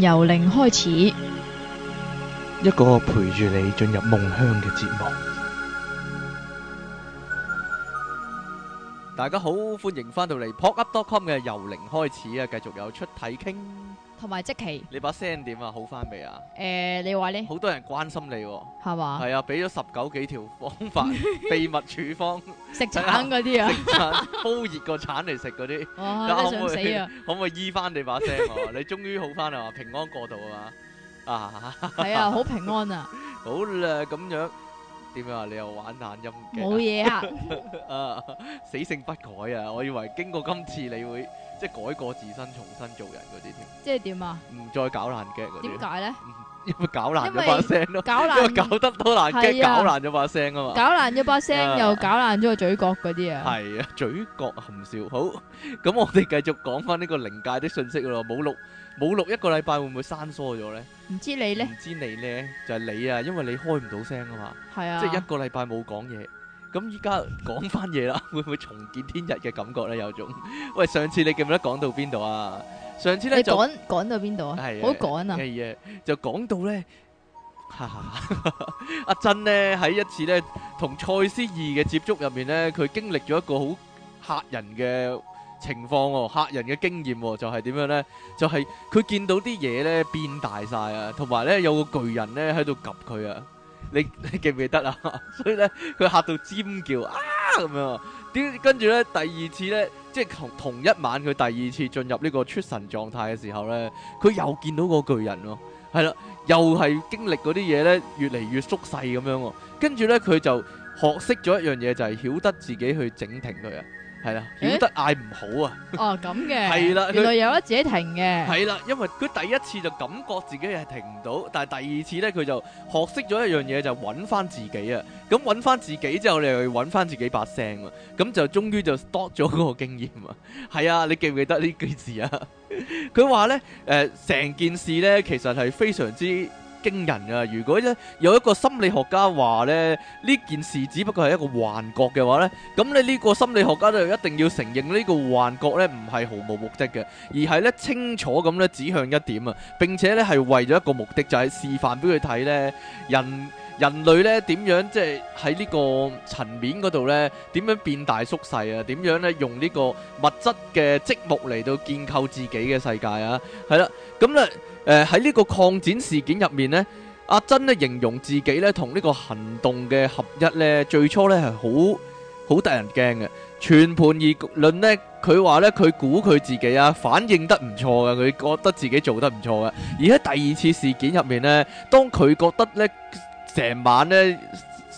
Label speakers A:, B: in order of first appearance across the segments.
A: 由零開始，
B: 一個陪住你進入夢鄉嘅節目。大家好，歡迎翻到嚟 popup.com 嘅由零開始啊，繼續有出體傾，
A: 同埋即期。
B: 你把聲點啊？好翻未啊？
A: 誒，你話呢？
B: 好多人關心你，係嘛？係啊，俾咗十九幾條方法，秘密處方。食橙嗰啲啊，煲熱個橙嚟食嗰啲，哇，都想死啊！可唔可以醫翻你把聲？你終於好翻啦嘛，平安過度啊嘛，啊，係啊，好平安啊！好啦，咁樣點樣啊？你又玩懶音嘅？冇嘢啊！啊，死性不改啊！我以為經過今次，你會即係改過自身，重新做人嗰啲添。即係點啊？唔再搞爛鏡嗰啲。點解咧？因為搞爛咗把聲咯，因為搞得多難聽，搞爛咗把聲啊嘛，搞爛咗把聲又
A: 搞爛咗個嘴角嗰啲啊，係
B: 啊，嘴角含笑。好，咁我哋繼續講翻呢個靈界的訊息咯。冇錄冇錄一個禮拜，會唔會生疏咗咧？
A: 唔知你咧？唔
B: 知你咧？就係你啊，因為你開唔到聲啊嘛，係啊，即係一個禮拜冇講嘢，咁依家講翻嘢啦，會唔會重見天日嘅感覺咧？有種？喂，上次你記唔記得講到邊度啊？上次咧就講到邊度啊？係好趕啊！乜嘢，就講到咧？阿珍咧喺一次咧同賽斯二嘅接觸入面咧，佢經歷咗一個好吓人嘅情況，吓人嘅經驗就係點樣咧？就係佢見到啲嘢咧變大晒啊，同埋咧有個巨人咧喺度 𥄫 佢啊！你你記唔記得啊？所以咧佢吓到尖叫啊咁樣。跟住咧，第二次呢，即係同同一晚佢第二次進入呢個出神狀態嘅時候呢，佢又見到個巨人咯、哦，係啦，又係經歷嗰啲嘢呢，越嚟越縮細咁樣、哦。跟住呢，佢就學識咗一樣嘢，就係、是、曉得自己去整停佢啊。係啦，曉、欸、得嗌唔好
A: 啊！哦，咁嘅係啦， 原來有得自己停嘅。係啦
B: 因為佢第一次就感覺自己係停唔到，但係第二次咧，佢就學識咗一樣嘢，就揾、是、翻自己啊！咁揾翻自己之後，你去揾翻自己把聲啊！咁就終於就多咗嗰個經驗啊！係 啊，你記唔記得呢句字啊？佢話咧，誒、呃，成件事咧，其實係非常之，驚人啊！如果咧有一個心理學家話咧呢件事只不過係一個幻覺嘅話呢，咁你呢個心理學家咧就一定要承認呢個幻覺呢，唔係毫無目的嘅，而係呢，清楚咁咧指向一點啊，並且呢，係為咗一個目的，就係示範俾佢睇呢，人人類咧點樣即係喺呢個層面嗰度呢，點樣變大縮細啊？點樣呢用呢個物質嘅積木嚟到建構自己嘅世界啊？係啦，咁咧。誒，喺呢、呃、個擴展事件入面呢，阿珍咧形容自己咧同呢個行動嘅合一呢，最初呢係好好得人驚嘅，全盤而論呢，佢話呢，佢估佢自己啊，反應得唔錯嘅，佢覺得自己做得唔錯嘅，而喺第二次事件入面呢，當佢覺得呢成晚呢。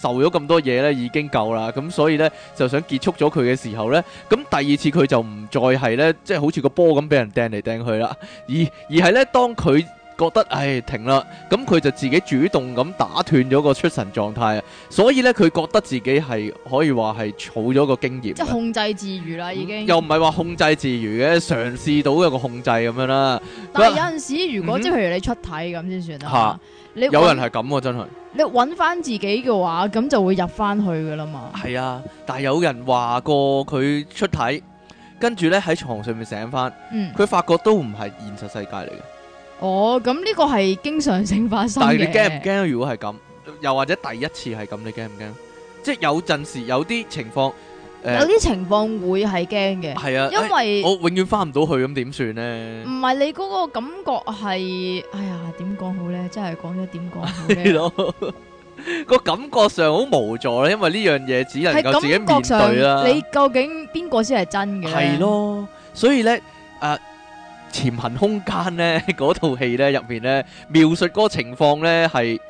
B: 受咗咁多嘢呢，已經夠啦，咁所以呢，就想結束咗佢嘅時候呢，咁第二次佢就唔再係呢，即係好似個波咁俾人掟嚟掟去啦，而而係呢，當佢覺得唉停啦，咁佢就自己主動咁打斷咗個出神狀態啊，所以呢，佢覺得自己係可以話係儲咗個經驗，即係控
A: 制自如啦，已經、嗯、又
B: 唔係話控制自如嘅，嘗試到有個控制咁樣啦。但係有陣
A: 時如果、嗯、即係譬如你出體咁先算啦。吓。有人係咁喎，真係。你揾翻自己嘅話，咁就會入翻去噶啦嘛。係
B: 啊，但係有人話過佢出體，跟住呢喺床上面醒翻，佢、嗯、發覺都唔係現實世界嚟嘅。
A: 哦，咁呢個係經常性發生。但係你驚唔
B: 驚？如果係咁，又或者第一次係咁，你驚唔驚？即係有陣時有啲情況。有啲
A: 情況會係驚嘅，係啊，因為我永
B: 遠翻唔到去，咁點算咧？唔
A: 係你嗰個感覺係，哎呀，點講好咧？真係講咗點講？係咯，
B: 個感覺上好無助咧，因為呢樣嘢只能夠自己面對啦。你
A: 究竟邊個先係真嘅？係咯，
B: 所以咧，誒，潛行空間咧嗰套戲咧入邊咧描述嗰個情況咧係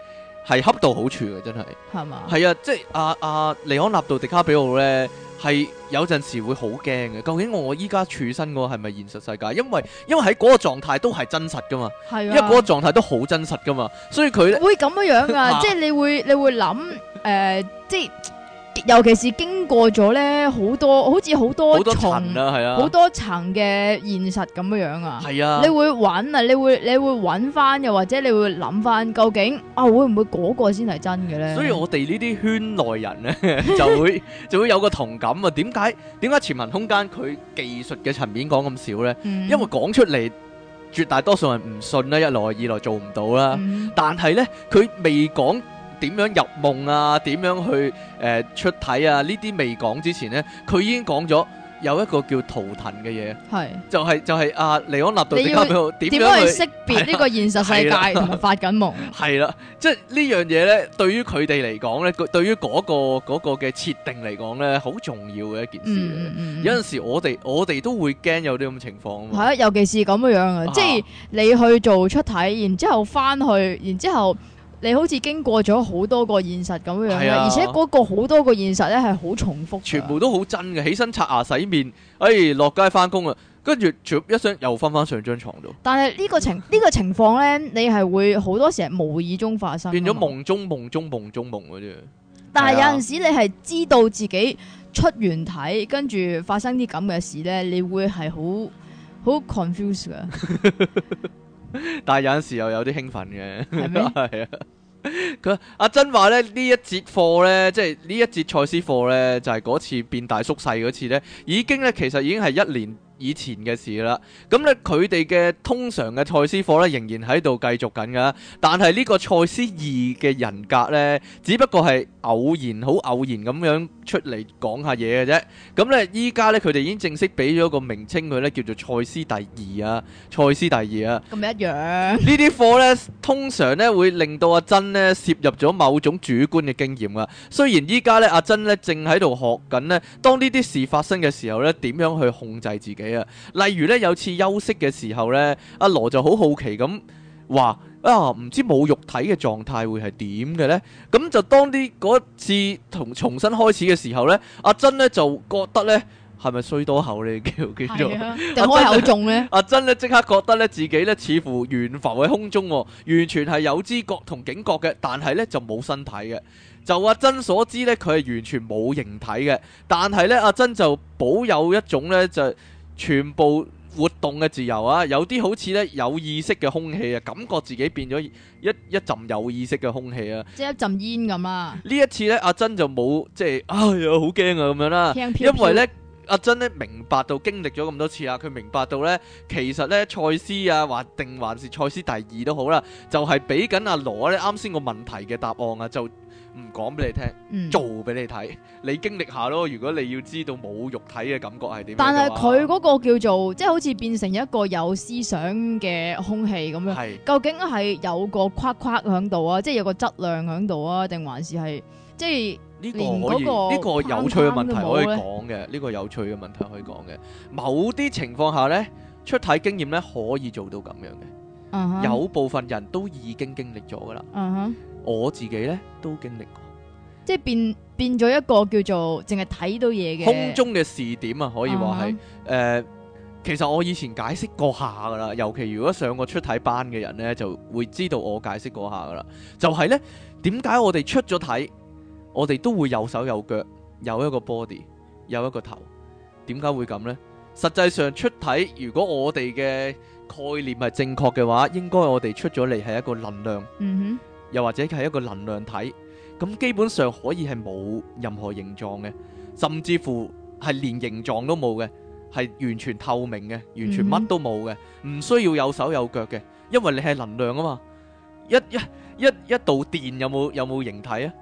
B: 係恰到好處嘅，真係係嘛？係啊，即係阿阿尼安納杜迪卡比奧咧。係有陣時會好驚嘅，究竟我我依家處身個係咪現實世界？因為因為喺嗰個狀態都係真實噶嘛，係啊、因為嗰個狀態都好真實噶嘛，所以佢會咁樣樣噶、 呃！即係
A: 你會你會諗誒，即係。尤其是經過咗呢，好多好似好多層好多層嘅、啊啊、現實咁樣樣啊！是啊你會揾啊，你會你會揾翻，又或者你會諗翻，究竟啊會唔會嗰個先係真嘅呢？所以我
B: 哋呢啲圈內人呢， 就會就會有個同感啊！點解點解潛文空間佢技術嘅層面講咁少呢？嗯、因為講出嚟絕大多數人唔信啦，一來二來做唔到啦、啊。嗯、但係呢，佢未講。點樣入夢啊？點樣去誒、呃、出體啊？呢啲未講之前呢，佢已經講咗有一個叫圖騰嘅嘢，係是就係、是、就係阿尼安納道點樣去，去識別呢個現實世界同埋、啊啊啊、發
A: 緊夢、啊？係
B: 啦、啊，即係呢樣嘢呢，對於佢哋嚟講呢，對於嗰、嗰個、嗰個嘅設定嚟講呢，好重要嘅一件事。嗯嗯、有陣時我哋我哋都會驚有啲咁嘅情況係啊，
A: 尤其是咁樣嘅，啊、即係你去做出體，然之後翻去，然之後。你好似經過咗好多個現實咁樣咧，啊、而且嗰個好多個現實咧係好重複，
B: 全部都好真嘅。起身刷牙洗面，哎，落街翻工啊，跟住，一想又翻翻上張床度。
A: 但係呢個情呢 個情況呢，你係會好多時係無意中發生，變咗夢
B: 中夢中夢中夢嗰啲。但係有陣時
A: 你係知道自己出完體，跟住發生啲咁嘅事呢，你會係好好 confused
B: 但係有陣時又有啲興奮嘅嗎，係 啊！佢阿珍話咧呢一節課咧，即係呢一節賽斯課咧，就係嗰次變大縮細嗰次咧，已經咧其實已經係一年。以前嘅事啦，咁咧佢哋嘅通常嘅賽斯課咧仍然喺度繼續緊嘅，但係呢個賽斯二嘅人格咧，只不過係偶然、好偶然咁樣出嚟講下嘢嘅啫。咁咧依家咧佢哋已經正式俾咗個名稱佢咧，叫做賽斯第二啊，賽斯第二啊。
A: 咁一樣、
B: 啊、呢啲課咧，通常咧會令到阿珍咧涉入咗某種主觀嘅經驗啊。雖然依家咧阿珍咧正喺度學緊咧，當呢啲事發生嘅時候咧，點樣去控制自己。例如咧，有次休息嘅時候咧，阿、啊、羅就好好奇咁話啊，唔知冇肉體嘅狀態會係點嘅呢？」咁就當啲嗰次同重新開始嘅時候呢，阿、啊、珍呢就覺得呢，係咪衰多口呢？叫叫做，就開口重咩？阿珍呢即、 啊、刻覺得呢，自己呢似乎懸浮喺空中、哦，完全係有知覺同警覺嘅，但係呢就冇身體嘅。就阿、啊、珍所知呢，佢係完全冇形體嘅，但係呢，阿、啊、珍就保有一種呢。就。全部活動嘅自由啊，有啲好似呢有意識嘅空氣啊，感覺自己變咗一一陣有意識嘅空氣啊，
A: 即係一陣煙咁啊！
B: 呢一次呢，阿珍就冇即係，哎呀，好驚啊咁樣啦、啊，飄飄飄，因為呢，阿珍呢明白到經歷咗咁多次啊，佢明白到呢，其實呢賽斯啊，或定還是賽斯第二都好啦，就係畀緊阿羅呢啱先個問題嘅答案啊就。唔講俾你聽，做俾你睇，你經歷下咯。如果你要知道冇肉體嘅感覺係點樣，但係佢嗰
A: 個叫做即係好似變成一個有思想嘅空氣咁樣，係究竟係有個框框響度啊，即係有個質量響度啊，定還是係即係呢個可以呢個有趣嘅問題可以講
B: 嘅，呢個有趣嘅問題可以講嘅。某啲情況下咧，出體經驗咧可以做到咁樣嘅，
A: 有部
B: 分人都已經經歷咗噶啦。嗯哼。我自己咧都經歷過，
A: 即係變變咗一個叫做淨係睇到嘢嘅空中
B: 嘅視點啊！可以話係誒，其實我以前解釋過下㗎喇，尤其如果上過出體班嘅人咧，就會知道我解釋過下㗎喇。就係咧，點解我哋出咗體，我哋都會有手有腳，有一個 body，有一個頭。點解會咁咧？實際上出體，如果我哋嘅概念係正確嘅話，應該我哋出咗嚟係一個能量。嗯哼、mm。Hmm. 又或者係一個能量體，咁基本上可以係冇任何形狀嘅，甚至乎係連形狀都冇嘅，係完全透明嘅，完全乜都冇嘅，唔需要有手有腳嘅，因為你係能量啊嘛，一一一一度電有冇有冇形體啊？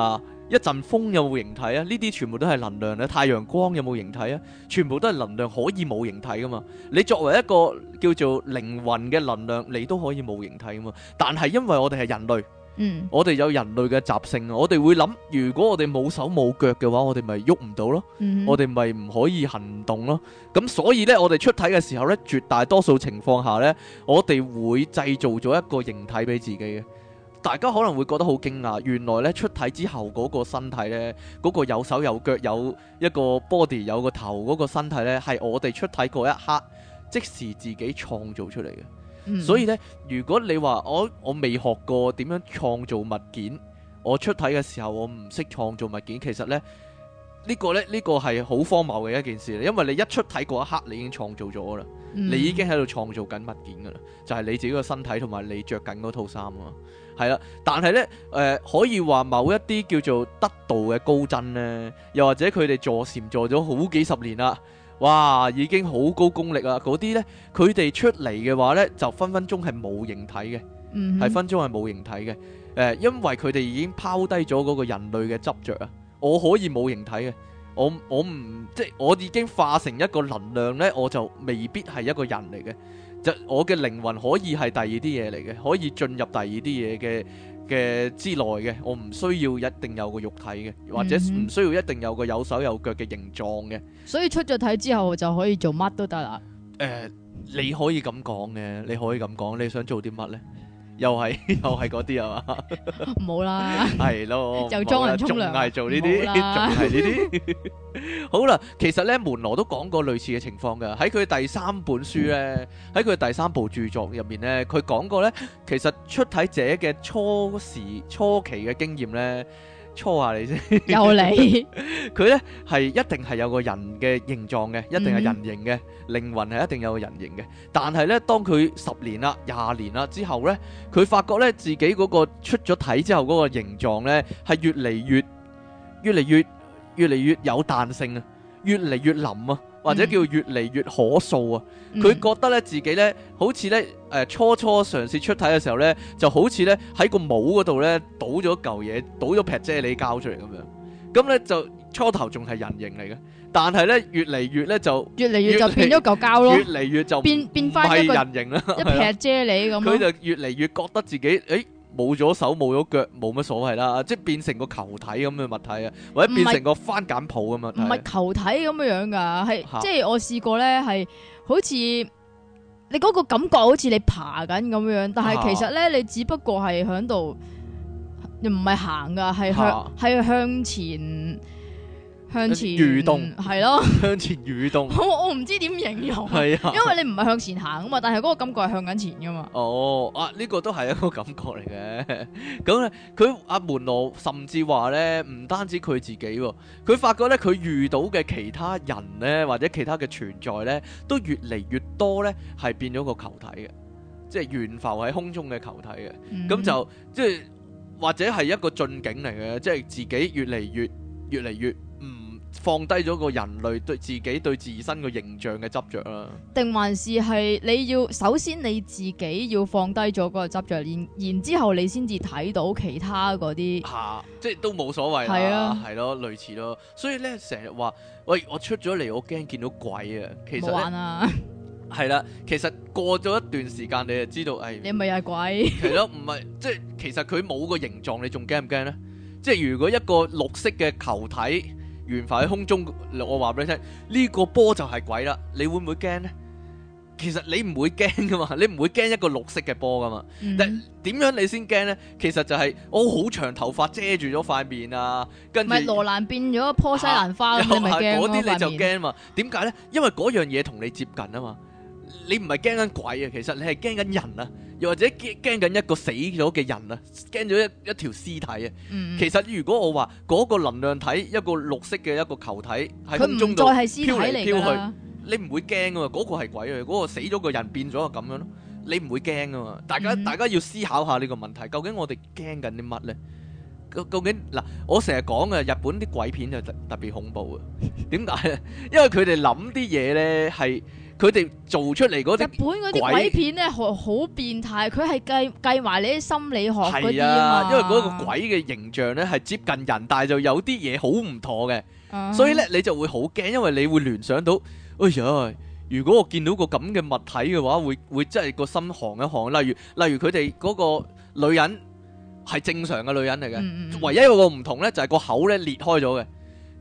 B: 啊？一陣風有冇形體啊？呢啲全部都係能量啊。太陽光有冇形體啊？全部都係能量，可以冇形體噶嘛？你作為一個叫做靈魂嘅能量，你都可以冇形體噶嘛？但係因為我哋係人類，嗯，我哋有人類嘅習性，我哋會諗，如果我哋冇手冇腳嘅話，我哋咪喐唔到咯，我哋咪唔可以行動咯。咁所以呢，我哋出體嘅時候呢，絕大多數情況下呢，我哋會製造咗一個形體俾自己嘅。大家可能會覺得好驚訝，原來咧出體之後嗰個身體咧，嗰個有手有腳有一個 body，有個頭嗰個身體咧，係我哋出體嗰一刻即時自己創造出嚟嘅。嗯、所以咧，如果你話我，我未學過點樣創造物件，我出體嘅時候我唔識創造物件，其實咧呢個咧呢個係好荒謬嘅一件事，因為你一出體嗰一刻你已經創造咗啦，嗯、你已經喺度創造緊物件噶啦，就係你自己個身體同埋你着緊嗰套衫啊。係啦，但係咧，誒、呃、可以話某一啲叫做得道嘅高僧咧、啊，又或者佢哋坐禪坐咗好幾十年啦，哇，已經好高功力啦。嗰啲咧，佢哋出嚟嘅話咧，就分分鐘係冇形體嘅，係、mm hmm. 分分鐘係冇形體嘅。誒、呃，因為佢哋已經拋低咗嗰個人類嘅執着。啊，我可以冇形體嘅，我我唔即係我已經化成一個能量咧，我就未必係一個人嚟嘅。我嘅靈魂可以係第二啲嘢嚟嘅，可以進入第二啲嘢嘅嘅之內嘅，我唔需要一定有個肉體嘅，或者唔需要一定有個有手有腳嘅形狀嘅。
A: 所以出咗體之後就可以做乜都得啦。
B: 誒，你可以咁講嘅，你可以咁講，你想做啲乜呢？ 又係又係嗰啲啊嘛，冇 啦，係咯，就裝人沖涼，係做呢啲，仲係呢啲。 好啦，其實咧，門羅都講過類似嘅情況㗎，喺佢第三本書咧，喺佢第三部著作入面咧，佢講過咧，其實出體者嘅初時初期嘅經驗咧。錯下你先，有你佢咧係一定係有個人嘅形狀嘅，一定係人形嘅，靈、嗯、魂係一定有個人形嘅。但係咧，當佢十年啦，廿年啦之後咧，佢發覺咧自己嗰個出咗體之後嗰個形狀咧，係越嚟越、越嚟越、越嚟越有彈性啊，越嚟越腍啊。或者叫越嚟越可塑啊！佢覺得咧自己咧好似咧誒初初嘗試出體嘅時候咧，就好似咧喺個帽嗰度咧倒咗嚿嘢，倒咗劈啫喱膠出嚟咁樣。咁咧就初頭仲係人形嚟嘅，但係咧越嚟越咧就越嚟越就越越變咗嚿膠咯，越嚟越就變變翻人形啦，一個一劈
A: 啫喱咁。佢就
B: 越嚟越覺得自己誒。冇咗手冇咗腳，冇乜所謂啦，即係變成個球體咁嘅物體啊，或者變成個番鹼泡咁樣。唔係
A: 球體咁樣樣噶，係即係我試過咧，係好似你嗰個感覺好似你爬緊咁樣，但係其實咧、啊、你只不過係響度你唔係行噶，係向係、啊、向前。向前蠕動，係咯的，
B: 向前蠕動。 我
A: 我唔知點形容，係啊的，因為你唔係向前行啊嘛，但係嗰個感覺係向緊前㗎
B: 嘛。哦，啊，呢、這個都係一個感覺嚟嘅。咁 咧、嗯，佢阿門羅甚至話咧，唔單止佢自己，佢發覺咧，佢遇到嘅其他人咧，或者其他嘅存在咧，都越嚟越多咧，係變咗個球體嘅，即係懸浮喺空中嘅球體嘅。咁就即係或者係一個進境嚟嘅，即、就、係、是、自己越嚟越，越嚟越。越放低咗個人類對自己對自身個形象嘅執着啦，
A: 定還是係你要首先你自己要放低咗嗰個執着，然然之後你先至睇到其他嗰啲吓，
B: 即係都冇所謂係是啊，係咯，類似咯。所以咧，成日話喂，我出咗嚟，我驚見到鬼啊。其實係啦玩， 其實過咗一段時間，你就知道，哎，你
A: 咪又係鬼。
B: 係 咯，唔係即係其實佢冇個形狀，你仲驚唔驚咧？即係如果一個綠色嘅球體。懸浮喺空中，我話俾你聽，呢個波就係鬼啦，你會唔會驚咧？其實你唔會驚噶嘛，你唔會驚一個綠色嘅波噶嘛。但點樣你先驚咧？其實就係我好長頭髮遮住咗塊面啊，跟住，唔係羅
A: 蘭變咗一棵西蘭花，你咪驚咯。嗰啲你就
B: 驚嘛？點解咧？因為嗰樣嘢同你接近啊嘛。你唔係驚緊鬼啊，其實你係驚緊人啊，又或者驚驚緊一個死咗嘅人啊，驚咗一一條屍體啊。其實如果我話嗰個能量體，一個綠色嘅一個球體喺空中度飄嚟飄去，你唔會驚噶嘛？嗰個係鬼啊，嗰個死咗個人變咗啊，咁樣咯，你唔會驚噶嘛？大家大家要思考下呢個問題，究竟我哋驚緊啲乜咧？究竟嗱，我成日講嘅日本啲鬼片就特特別恐怖啊？點解？因為佢哋諗啲嘢咧係。佢哋做出嚟嗰啲日本啲鬼
A: 片咧，好好變態。佢係計計埋你啲心理學嗰啲啊嘛。因為嗰個
B: 鬼嘅形象咧係接近人，但係就有啲嘢好唔妥嘅。嗯、所以咧你就會好驚，因為你會聯想到，哎呀，如果我見到個咁嘅物體嘅話，會會真係個心寒一寒。例如例如佢哋嗰個女人係正常嘅女人嚟嘅，嗯、唯一有個唔同咧就係、是、個口咧裂開咗嘅。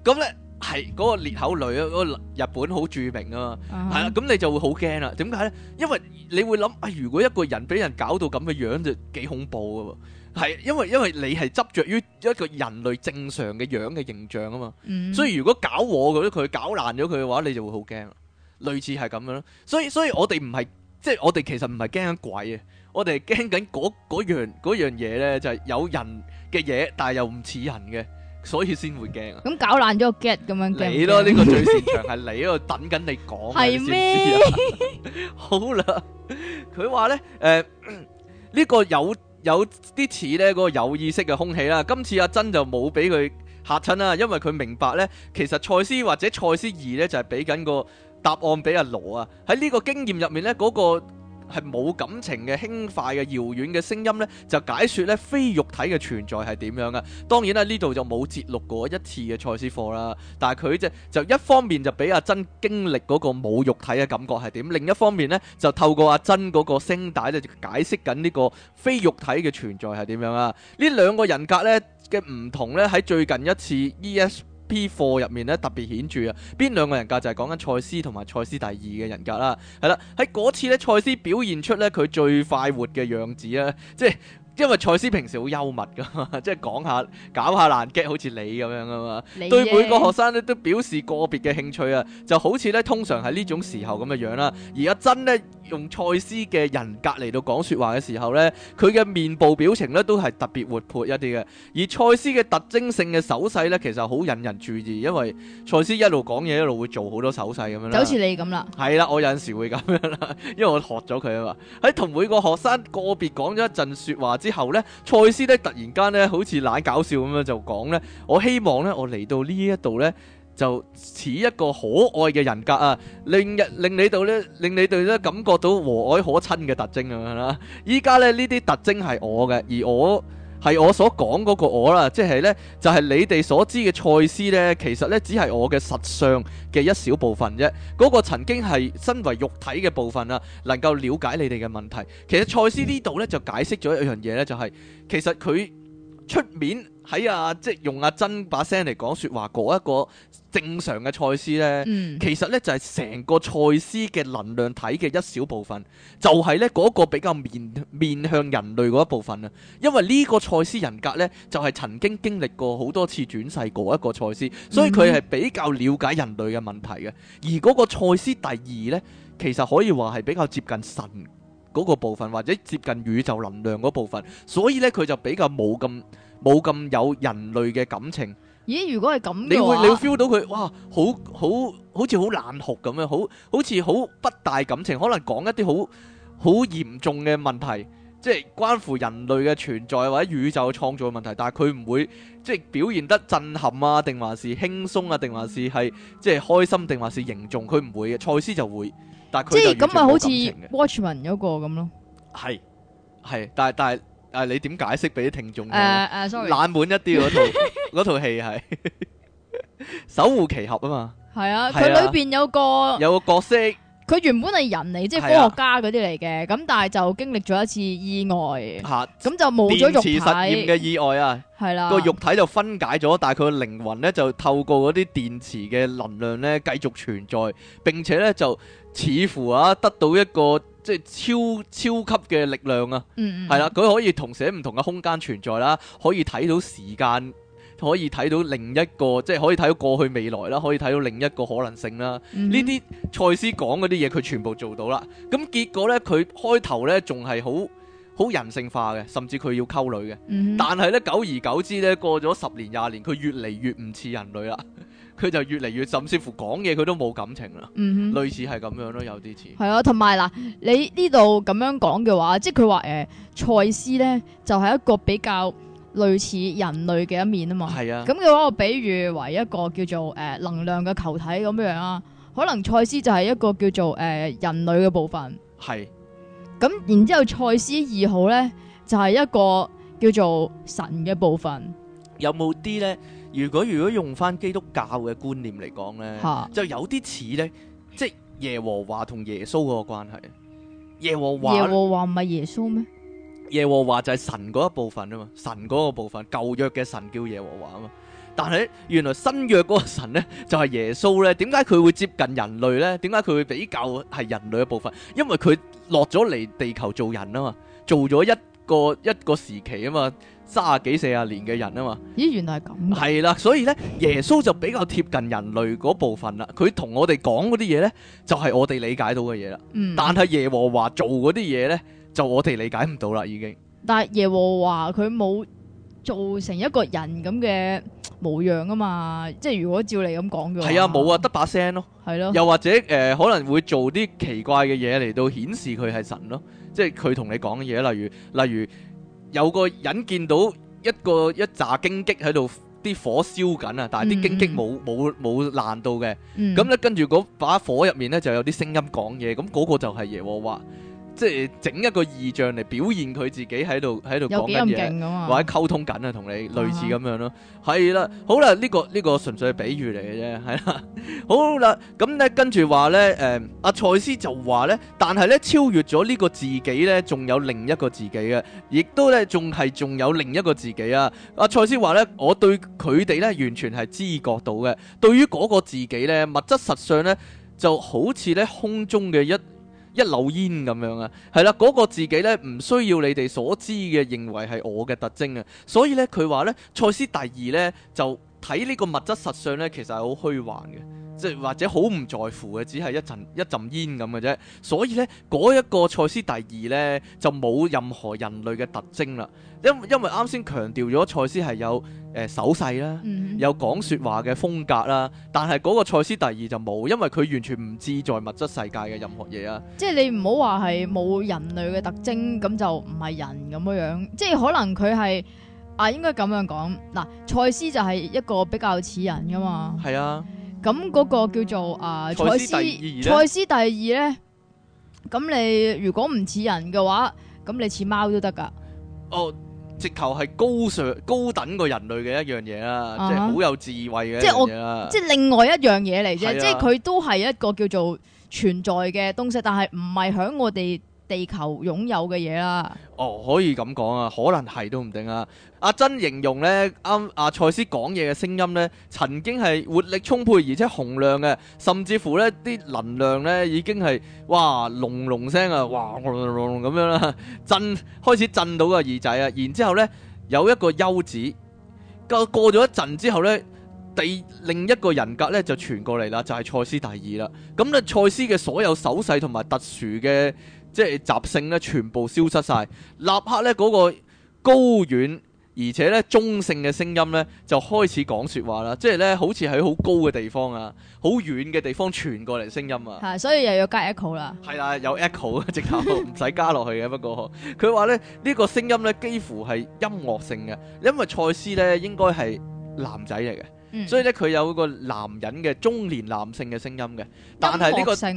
B: 咁咧。係嗰個裂口女啊，嗰個日本好著名啊嘛，係啦，咁你就會好驚啦。點解咧？因為你會諗啊，如果一個人俾人搞到咁嘅樣，就幾恐怖噶喎。係因為因為你係執著於一個人類正常嘅樣嘅形象啊嘛，所以如果搞我覺得佢搞爛咗佢嘅話，你就會好驚啦。類似係咁樣咯。所以所以我哋唔係即係我哋其實唔係驚鬼啊，我哋係驚緊嗰嗰樣嗰樣嘢咧，就係有人嘅嘢，但係又唔似人嘅。所以先會驚啊！咁
A: 搞爛咗個 get 咁樣驚。你咯，呢
B: 個最擅長係你喺度等緊你講，啊，係咩
A: ？
B: 好啦，佢話咧，誒，呢個有有啲似咧嗰個有意識嘅空氣啦。今次阿珍就冇俾佢吓親啦，因為佢明白咧，其實賽斯或者賽斯二咧就係俾緊個答案俾阿羅啊。喺呢個經驗入面咧，嗰、那個。係冇感情嘅輕快嘅遙遠嘅聲音呢，就解説呢非肉體嘅存在係點樣嘅。當然啦，呢度就冇截錄過一次嘅賽斯課啦。但係佢即就一方面就俾阿珍經歷嗰個冇肉體嘅感覺係點，另一方面呢就透過阿珍嗰個聲帶就解釋緊呢個非肉體嘅存在係點樣啊。呢兩個人格呢嘅唔同呢，喺最近一次 ES。P 課入面咧特別顯著啊，邊兩個人格就係講緊賽斯同埋賽斯第二嘅人格啦，係啦，喺嗰次咧賽斯表現出咧佢最快活嘅樣子啊，即係。因為賽斯平時好幽默噶，即係講下、搞下爛 gag，好似你咁樣啊嘛。的對每個學生咧都表示個別嘅興趣啊，就好似咧通常係呢種時候咁嘅樣啦。而阿珍咧用賽斯嘅人格嚟到講説話嘅時候咧，佢嘅面部表情咧都係特別活潑一啲嘅。而賽斯嘅特徵性嘅手勢咧，其實好引人注意，因為賽斯一路講嘢一路會做好多手勢咁樣啦。就好似你咁啦，係啦，我有陣時會咁樣啦，因為我學咗佢啊嘛。喺同每個學生個別講咗一陣説話。之後呢，賽斯咧突然間呢好似懶搞笑咁樣就講咧，我希望呢，我嚟到呢一度呢，就似一個可愛嘅人格啊，令日令你哋呢令你哋咧感覺到和藹可親嘅特徵啊！依家呢，呢啲特徵係我嘅，而我。係我所講嗰個我啦，即係呢，就係、是、你哋所知嘅賽斯呢，其實呢，只係我嘅實相嘅一小部分啫。嗰、那個曾經係身為肉體嘅部分啦、啊，能夠了解你哋嘅問題。其實賽斯呢度呢，就解釋咗一樣嘢呢，就係其實佢出面。喺啊，即係用阿珍把聲嚟講說話嗰一個正常嘅賽斯咧，其實咧就係成個賽斯嘅能量體嘅一小部分，就係咧嗰個比較面面向人類嗰一部分啊。因為呢個賽斯人格咧，就係曾經經歷過好多次轉世嗰一個賽斯，所以佢係比較了解人類嘅問題嘅。而嗰個賽斯第二咧，其實可以話係比較接近神嗰個部分，或者接近宇宙能量嗰部分，所以咧佢就比較冇咁。冇咁有人類嘅感情。
A: 咦？如果係咁嘅話，你會你 feel 到佢
B: 哇，好好好似好冷酷咁樣，好好似好不大感情。可能講一啲好好嚴重嘅問題，即係關乎人類嘅存在或者宇宙創造嘅問題。但係佢唔會即係表現得震撼啊，定還是輕鬆啊，定還是係即係開心定還是凝重？佢唔會嘅，賽斯就會。但係佢即係咁啊，好似
A: Watchman 嗰個咁咯。
B: 係係，但係但係。啊！你點解釋俾啲聽眾？誒誒，sorry，爛漫一啲嗰套嗰套戲係《守護奇俠》啊嘛。係啊，佢裏邊有個有個角色，
A: 佢原本係人嚟，即係科學家嗰啲嚟嘅。咁但係就經歷咗一次意外，
B: 咁就冇咗肉體，電池實驗嘅意外啊。
A: 係啦，個肉
B: 體就分解咗，但係佢個靈魂咧就透過嗰啲電池嘅能量咧繼續存在，並且咧就似乎啊得到一個。即係超超級嘅力量啊，係啦、mm，佢、hmm. 可以同時喺唔同嘅空間存在啦，可以睇到時間，可以睇到另一個，即係可以睇到過去未來啦，可以睇到另一個可能性啦。呢啲賽斯講嗰啲嘢，佢、hmm. 全部做到啦。咁結果呢，佢開頭呢仲係好好人性化嘅，甚至佢要溝女嘅。Mm hmm. 但係呢，久而久之呢，過咗十年廿年，佢越嚟越唔似人類啦。 佢就越嚟越深，甚至乎講嘢佢都冇感情啦，嗯、哼類似係咁樣咯，有啲似、嗯。係啊，同埋
A: 嗱，你呢度咁樣講嘅話，即係佢話誒，賽、呃、斯咧就係、是、一個比較類似人類嘅一面啊嘛。
B: 係是啊。咁嘅
A: 話，我比喻為一個叫做誒、呃、能量嘅球體咁樣啊，可能賽斯就係一個叫做誒、呃、人類嘅部分。
B: 係是。
A: 咁然之後，賽斯二號咧就係、是、一個叫做神嘅部分。
B: 有冇啲咧？嗯哼嗯如果如果用翻基督教嘅觀念嚟講咧，就有啲似咧，即係耶和華同耶穌嗰個關係。耶和華耶和
A: 華唔係耶穌咩？
B: 耶和華就係神嗰一部分啊嘛，神嗰個部分，舊約嘅神叫耶和華啊嘛。但係原來新約嗰個神咧就係耶穌咧，點解佢會接近人類咧？點解佢會比較係人類嘅部分？因為佢落咗嚟地球做人啊嘛，做咗一個一個時期啊嘛。卅幾四十年嘅人啊嘛，咦，原來係咁。係啦，所以咧，耶穌就比較貼近人類嗰部分啦。佢同我哋講嗰啲嘢咧，就係我哋理解到嘅嘢啦。嗯。但係耶和華做嗰啲嘢咧，就我哋理解唔到啦，已經。
A: 但係耶和華佢冇做成一個人咁嘅模樣啊嘛，即係如果照你咁講嘅話。係啊，冇啊，得把聲咯，係咯。又或
B: 者誒、呃，可能會做啲奇怪嘅嘢嚟到顯示佢係神咯，即係佢同你講嘅嘢，例如例如。有個人見到一個一紮荊棘喺度，啲火燒緊啊，但係啲荊棘冇冇冇爛到嘅，咁咧、嗯、跟住嗰把火入面咧，就有啲聲音講嘢，咁嗰個就係耶和華。即係整一個意象嚟表現佢自己喺度，喺度講緊嘢，啊、或者溝通緊啊，同你類似咁樣咯。係啦、嗯，好啦，呢、這個呢、這個純粹係比喻嚟嘅啫，係啦，好啦，咁、嗯、咧跟住話咧，誒、嗯，阿賽斯就話咧，但係咧超越咗呢個自己咧，仲有另一個自己嘅，亦都咧仲係仲有另一個自己啊。阿賽斯話咧，我對佢哋咧完全係知覺到嘅，對於嗰個自己咧，物質實相咧就好似咧空中嘅一。一溜煙咁樣啊，係啦，嗰個自己咧唔需要你哋所知嘅，認為係我嘅特徵啊，所以咧佢話咧，賽斯第二咧就睇呢個物質實相咧，其實係好虛幻嘅。即係或者好唔在乎嘅，只係一陣一陣煙咁嘅啫。所以咧，嗰一個賽斯第二咧就冇任何人類嘅特徵啦。因為因為啱先強調咗，賽斯係有誒手勢啦，嗯、有講說話嘅風格啦。但係嗰個賽斯第二就冇，因為佢完全唔知在物質世界嘅任何嘢啊。
A: 即係你唔好話係冇人類嘅特徵咁就唔係人咁樣樣。即係可能佢係啊，應該咁樣講嗱，賽斯就係一個比較似人㗎嘛。係、嗯、啊。咁嗰個叫做啊，賽斯賽斯第二呢。咁你如果唔似人嘅話，咁你似貓都得㗎。哦，
B: 直頭係高尚高等過人類嘅一樣嘢啦，即係好有智慧嘅。即係我，即係另
A: 外一樣嘢嚟啫。啊、即係佢都係一個叫做存在嘅東西，但係唔係響我哋。地球擁有嘅嘢啦，
B: 哦，oh, 可以咁講啊，可能係都唔定啊。阿珍形容呢，啱阿賽斯講嘢嘅聲音呢，曾經係活力充沛而且洪亮嘅，甚至乎呢啲能量呢已經係哇隆隆聲啊，哇隆隆咁樣啦，震開始震到個耳仔啊。然之後呢，有一個休止，個過咗一陣之後呢，地另一個人格呢就傳過嚟啦，就係、是、賽斯第二啦。咁、嗯、呢，賽斯嘅所有手勢同埋特殊嘅。即係雜性咧，全部消失晒，立刻咧嗰、那個高遠而且咧中性嘅聲音咧就開始講說話啦，即係咧好似喺好高嘅地方啊，好遠嘅地方傳過嚟聲音啊，係、
A: 啊，所以又要加 echo 啦，
B: 係啦、啊，有 echo 嘅直頭唔使加落去嘅，不， 不過佢話咧呢、這個聲音咧幾乎係音樂性嘅，因為賽斯咧應該係男仔嚟嘅。嗯、所以咧，佢有個男人嘅中年男性嘅聲音嘅，但係呢個賽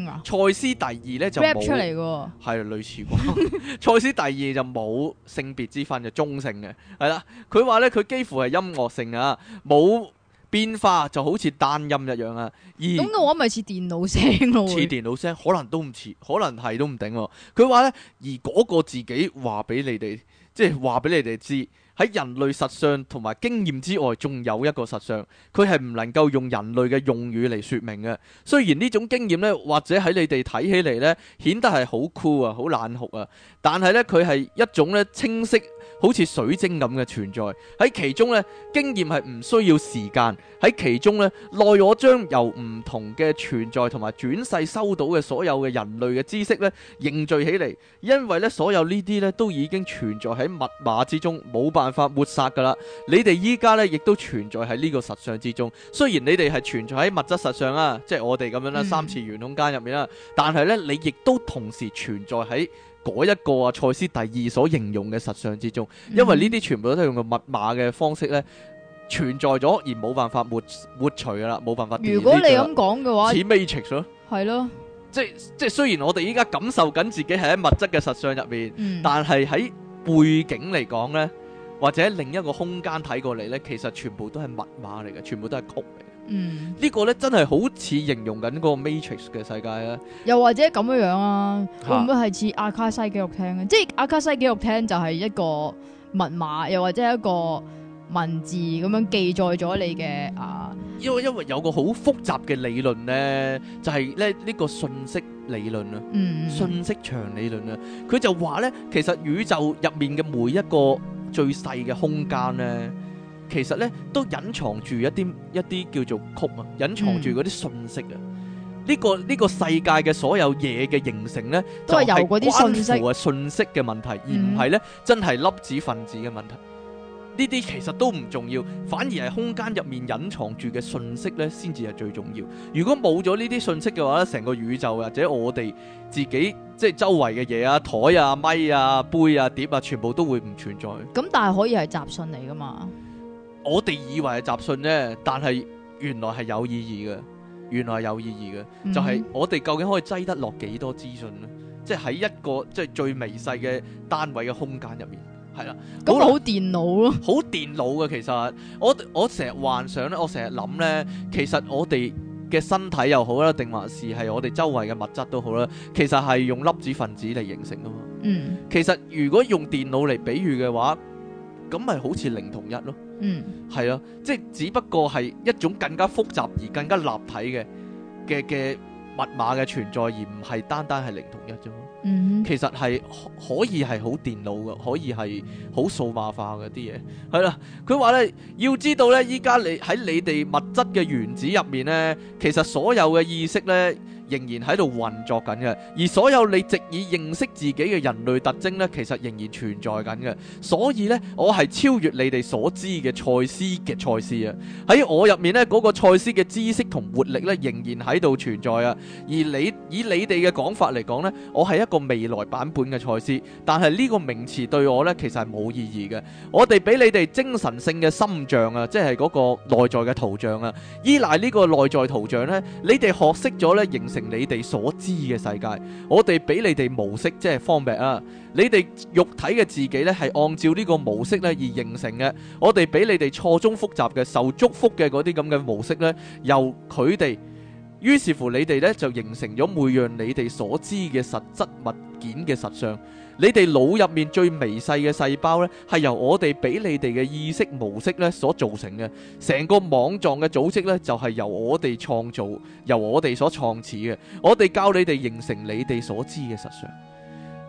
B: 斯第二咧就冇，係類似喎。賽斯第二就冇性別之分，就中性嘅，係啦。佢話咧，佢幾乎係音樂性啊，冇變化就好似單音一樣啊。而。咁嘅
A: 話咪似電腦
B: 聲咯，似電腦聲，可能都唔似，可能係都唔頂。佢話咧，而嗰個自己話俾你哋，即係話俾你哋知。喺人類實相同埋經驗之外，仲有一個實相，佢係唔能夠用人類嘅用語嚟説明嘅。雖然呢種經驗咧，或者喺你哋睇起嚟咧，顯得係好酷啊、好冷酷啊，但係咧，佢係一種咧清晰，好似水晶咁嘅存在。喺其中咧，經驗係唔需要時間；喺其中咧，內我將由唔同嘅存在同埋轉世收到嘅所有嘅人類嘅知識咧，凝聚起嚟，因為咧所有呢啲咧都已經存在喺密碼之中，冇辦。辦法抹殺噶啦，你哋依家咧亦都存在喺呢個實相之中。雖然你哋係存在喺物質實相啦，啊，即係我哋咁樣啦，啊，嗯、三、次元空間入面啦，但係咧你亦都同時存在喺嗰一個啊，賽斯第二所形容嘅實相之中。因為呢啲全部都係用個密碼嘅方式咧存在咗，而冇辦法抹抹，抹除噶啦，冇辦法。如果你咁講嘅話，似 matrix 咯，
A: 係咯了，
B: 即係即係雖然我哋依家感受緊自己係喺物質嘅實相入面，嗯、但係喺背景嚟講咧。或者另一個空間睇過嚟咧，其實全部都係密碼嚟嘅，全部都係曲嚟嘅。嗯，呢個咧真係好似形容緊嗰個 matrix 嘅世界啊，
A: 又或者咁樣樣啊，啊會唔會係似阿卡西紀錄廳啊？即係阿卡西紀錄廳就係一個密碼，又或者一個文字咁樣記載咗你嘅、嗯、啊。
B: 因為因為有個好複雜嘅理論咧，就係咧呢個信息理論啊，嗯、信息場理論啊。佢就話咧，其實宇宙入面嘅每一個最細嘅空間咧，其實咧都隱藏住一啲一啲叫做曲啊，隱藏住嗰啲信息啊。呢個呢個世界嘅所有嘢嘅形成咧，都係由嗰啲信息啊，關乎啊信息嘅問題，而唔係咧真係粒子分子嘅問題。呢啲其實都唔重要，反而係空間入面隱藏住嘅信息咧，先至係最重要。如果冇咗呢啲信息嘅話咧，成個宇宙或者我哋自己即係周圍嘅嘢啊、枱啊、咪啊、杯啊、碟啊，全部都會唔存在。
A: 咁但係可以係雜訊嚟㗎嘛？
B: 我哋以為係雜訊咧，但係原來係有意義嘅，原來有意義嘅，嗯、就係我哋究竟可以擠得落幾多資訊呢？即係喺一個即係、就係、最微細嘅單位嘅空間入面。係啦，咁好電腦咯，好電腦嘅，其實，我我成日幻想咧，我成日諗咧，其實我哋嘅身體又好啦，定還是係我哋周圍嘅物質都好啦，其實係用粒子分子嚟形成噶嘛。嗯，其實如果用電腦嚟比喻嘅話，咁咪好似零同一咯。嗯，係咯，即係只不過係一種更加複雜而更加立體嘅嘅嘅密碼嘅存在，而唔係單單係零同一啫。其實係可以係好電腦嘅，可以係好數碼化嘅啲嘢，係啦。佢話咧，要知道咧，依家你喺你哋物質嘅原子入面咧，其實所有嘅意識咧。仍然喺度運作緊嘅，而所有你藉以認識自己嘅人類特徵咧，其實仍然存在緊嘅。所以咧，我係超越你哋所知嘅賽斯嘅賽斯啊！喺我入面咧，嗰個賽斯嘅知識同活力咧，仍然喺度存在啊！而你以你哋嘅講法嚟講咧，我係一個未來版本嘅賽斯，但係呢個名詞對我咧其實係冇意義嘅。我哋俾你哋精神性嘅心像啊，即係嗰個內在嘅圖像啊，依賴呢個內在圖像咧，你哋學識咗咧形成。你哋所知嘅世界，我哋俾你哋模式，即係方便啊！你哋肉體嘅自己呢，係按照呢個模式呢而形成嘅。我哋俾你哋錯綜複雜嘅受祝福嘅嗰啲咁嘅模式呢，由佢哋，於是乎你哋呢就形成咗每樣你哋所知嘅實質物件嘅實相。你哋腦入面最微細嘅細胞呢係由我哋俾你哋嘅意識模式呢所造成嘅。成個網狀嘅組織呢就係、是、由我哋創造，由我哋所創始嘅。我哋教你哋形成你哋所知嘅實相。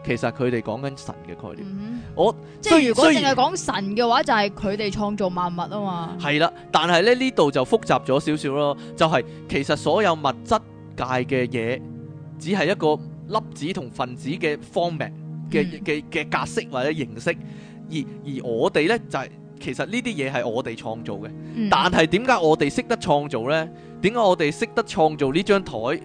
B: 其實佢哋講緊神嘅概念，嗯、哼我即係是 然如果淨係
A: 講神嘅話，就係佢哋創造萬物啊嘛。係
B: 啦，但係呢呢度就複雜咗少少咯。就係、是、其實所有物質界嘅嘢，只係一個粒子同分子嘅方面。嘅嘅嘅格式或者形式，而而我哋呢，就係、是、其實呢啲嘢係我哋創造嘅，嗯、但係點解我哋識得創造呢？點解我哋識得創造呢張台、呢、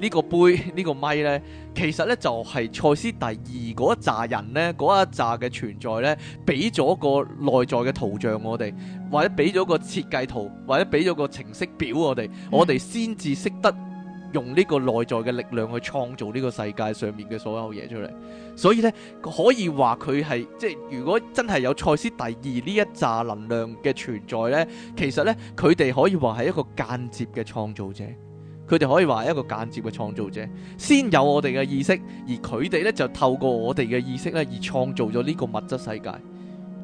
B: 呢個杯、呢、呢個咪呢？其實呢，就係賽斯第二嗰一紮人呢嗰一紮嘅存在呢，俾咗個內在嘅圖像我哋，或者俾咗個設計圖或者俾咗個程式表我哋，嗯、我哋先至識得。用呢個內在嘅力量去創造呢個世界上面嘅所有嘢出嚟，所以呢，可以話佢係即係如果真係有賽斯第二呢一揸能量嘅存在呢，其實呢，佢哋可以話係一個間接嘅創造者，佢哋可以話係一個間接嘅創造者，先有我哋嘅意識，而佢哋呢，就透過我哋嘅意識呢，而創造咗呢個物質世界，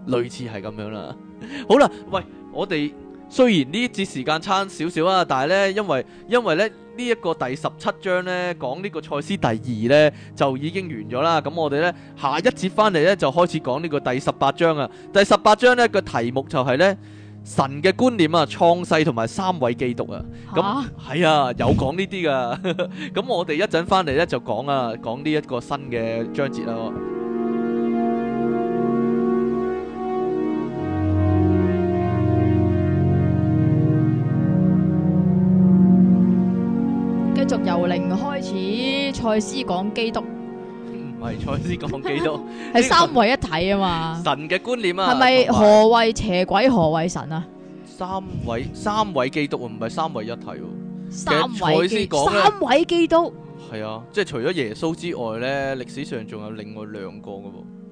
B: 類似係咁樣啦。 好啦，喂，我哋。雖然呢節時間差少少啊，但係呢，因為因為咧呢一個第十七章咧講呢個賽斯第二呢，就已經完咗啦。咁我哋呢，下一節翻嚟呢，就開始講呢個第十八章啊。第十八章呢個題目就係呢，神嘅觀念啊，創世同埋三位基督啊。咁係啊，啊，有講呢啲噶。咁 我哋一陣翻嚟呢，就講啊，講呢一個新嘅章節啊。
A: 咦？賽斯講基督
B: 唔係賽斯講基督，
A: 係 三位一體啊嘛！ 神嘅觀念啊，係咪何謂邪鬼，何謂神啊？
B: 三位三位基督唔係三位一體，三位其實賽斯講咧，三位基督係啊，即係除咗耶穌之外咧，歷史上仲有另外兩個嘅，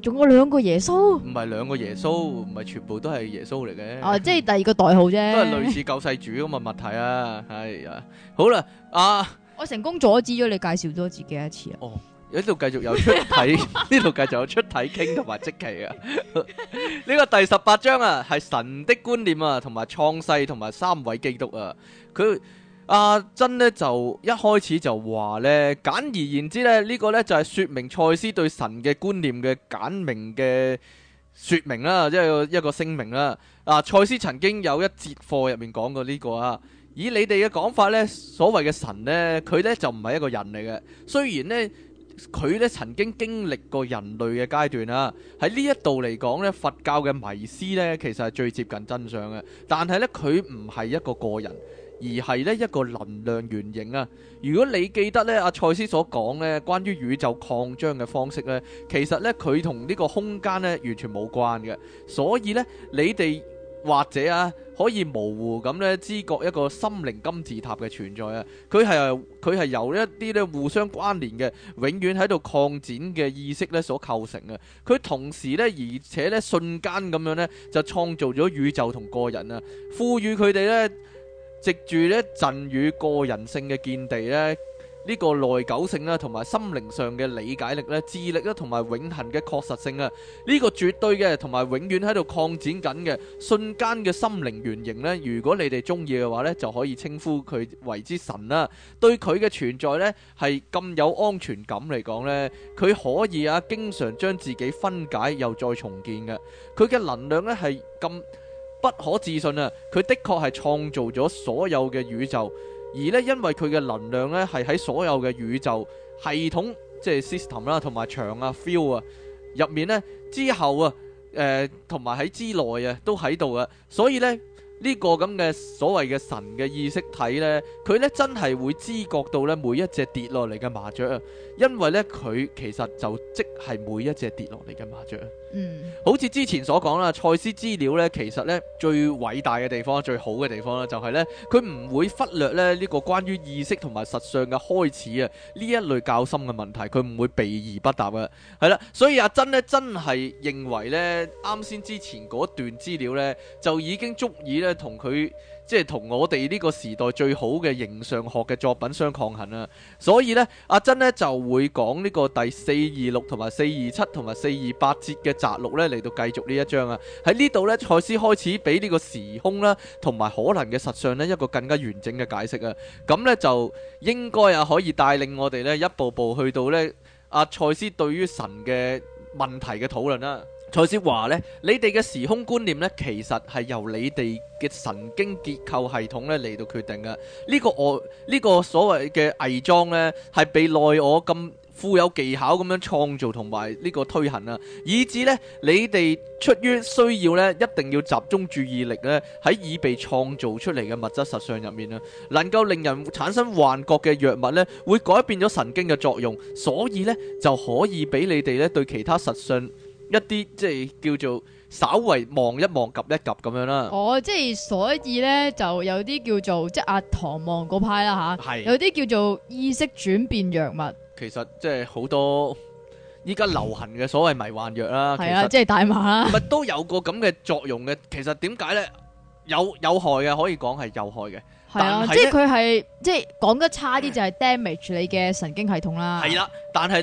A: 仲有兩個耶穌？
B: 唔係兩個耶穌，唔係全部都係耶穌嚟嘅哦，即係第二個代號啫，都係類似救世主咁嘅物體啊！係啊，好啦、啊，啊。
A: 我成功阻止咗你介紹多自己一次啦。哦，
B: 喺度繼續有出體，呢度 繼續有出體傾同埋即期啊。 呢個第十八章啊，係神的觀念啊，同埋創世同埋三位基督啊。佢阿珍呢就一開始就話呢簡而言之咧，呢、這個呢就係、是、說明賽斯對神嘅觀念嘅簡明嘅說明啦、啊，即係一個聲明啦、啊。啊，賽斯曾經有一節課入面講過呢個啊。以你哋嘅講法呢，所謂嘅神呢，佢呢就唔係一個人嚟嘅。雖然呢，佢呢曾經經歷過人類嘅階段啊。喺呢一度嚟講呢，佛教嘅迷思呢其實係最接近真相嘅。但係呢，佢唔係一個個人，而係呢一個能量原型啊。如果你記得呢阿賽斯所講呢關於宇宙擴張嘅方式呢，其實呢，佢同呢個空間呢完全冇關嘅。所以呢，你哋或者啊～可以模糊咁咧，知覺一個心靈金字塔嘅存在啊！佢係佢係由一啲咧互相關聯嘅，永遠喺度擴展嘅意識咧所構成嘅。佢同時咧，而且咧瞬間咁樣咧，就創造咗宇宙同個人啊，賦予佢哋咧，藉住咧贈與個人性嘅見地咧。呢個耐久性咧，同埋心靈上嘅理解力咧，智力咧，同埋永恆嘅確實性啊！呢個絕對嘅，同埋永遠喺度擴展緊嘅瞬間嘅心靈原型咧，如果你哋中意嘅話咧，就可以稱呼佢為之神啦。對佢嘅存在咧，係咁有安全感嚟講咧，佢可以啊，經常將自己分解又再重建嘅。佢嘅能量咧，係咁不可置信啊！佢的確係創造咗所有嘅宇宙。而咧，因為佢嘅能量咧，係喺所有嘅宇宙系統，即係 system 啦，同埋場啊、field 啊入面咧，之後啊，誒同埋喺之內啊，都喺度啊，所以咧。呢個咁嘅所謂嘅神嘅意識體咧，佢咧真係會知覺到咧每一隻跌落嚟嘅麻雀啊，因為咧佢其實就即係每一隻跌落嚟嘅麻雀。嗯，好似之前所講啦，賽斯資料咧，其實咧最偉大嘅地方、最好嘅地方咧，就係咧佢唔會忽略咧呢、呢個關於意識同埋實相嘅開始啊，呢一類較深嘅問題佢唔會避而不答啊，係啦，所以阿珍咧真係認為咧，啱先之前嗰段資料咧，就已經足以咧。同佢即係同我哋呢個時代最好嘅形上學嘅作品相抗衡啊。所以呢，阿珍呢就會講呢個第四二六同埋四二七同埋四二八節嘅摘錄呢，嚟到繼續呢一章啊，喺呢度呢，賽斯開始俾呢個時空啦同埋可能嘅實相呢，一個更加完整嘅解釋啊，咁呢，就應該啊可以帶領我哋呢一步步去到呢阿賽斯對於神嘅問題嘅討論啦。賽斯話咧：你哋嘅時空觀念咧，其實係由你哋嘅神經結構系統咧嚟到決定嘅。呢、呢個我呢、呢個所謂嘅偽裝咧，係被內我咁富有技巧咁樣創造同埋呢個推行啊，以致呢，你哋出於需要咧，一定要集中注意力咧喺已被創造出嚟嘅物質實相入面啊，能夠令人產生幻覺嘅藥物咧，會改變咗神經嘅作用，所以咧就可以俾你哋咧對其他實相。一啲即係叫做稍微望一望及一及咁樣啦。
A: 哦，即係所以咧，就有啲叫做即係阿唐望嗰派啦吓。係有啲叫做意識轉變藥物。
B: 其實即係好多依家流行嘅所謂迷幻藥啦，係啊，即係大麻啦，咪都有個咁嘅作用嘅。其實點解咧？有有害嘅可以講係有害嘅，但係即係佢
A: 係即係講得差啲就係 damage 你嘅神經系統啦。係啦，
B: 但係誒，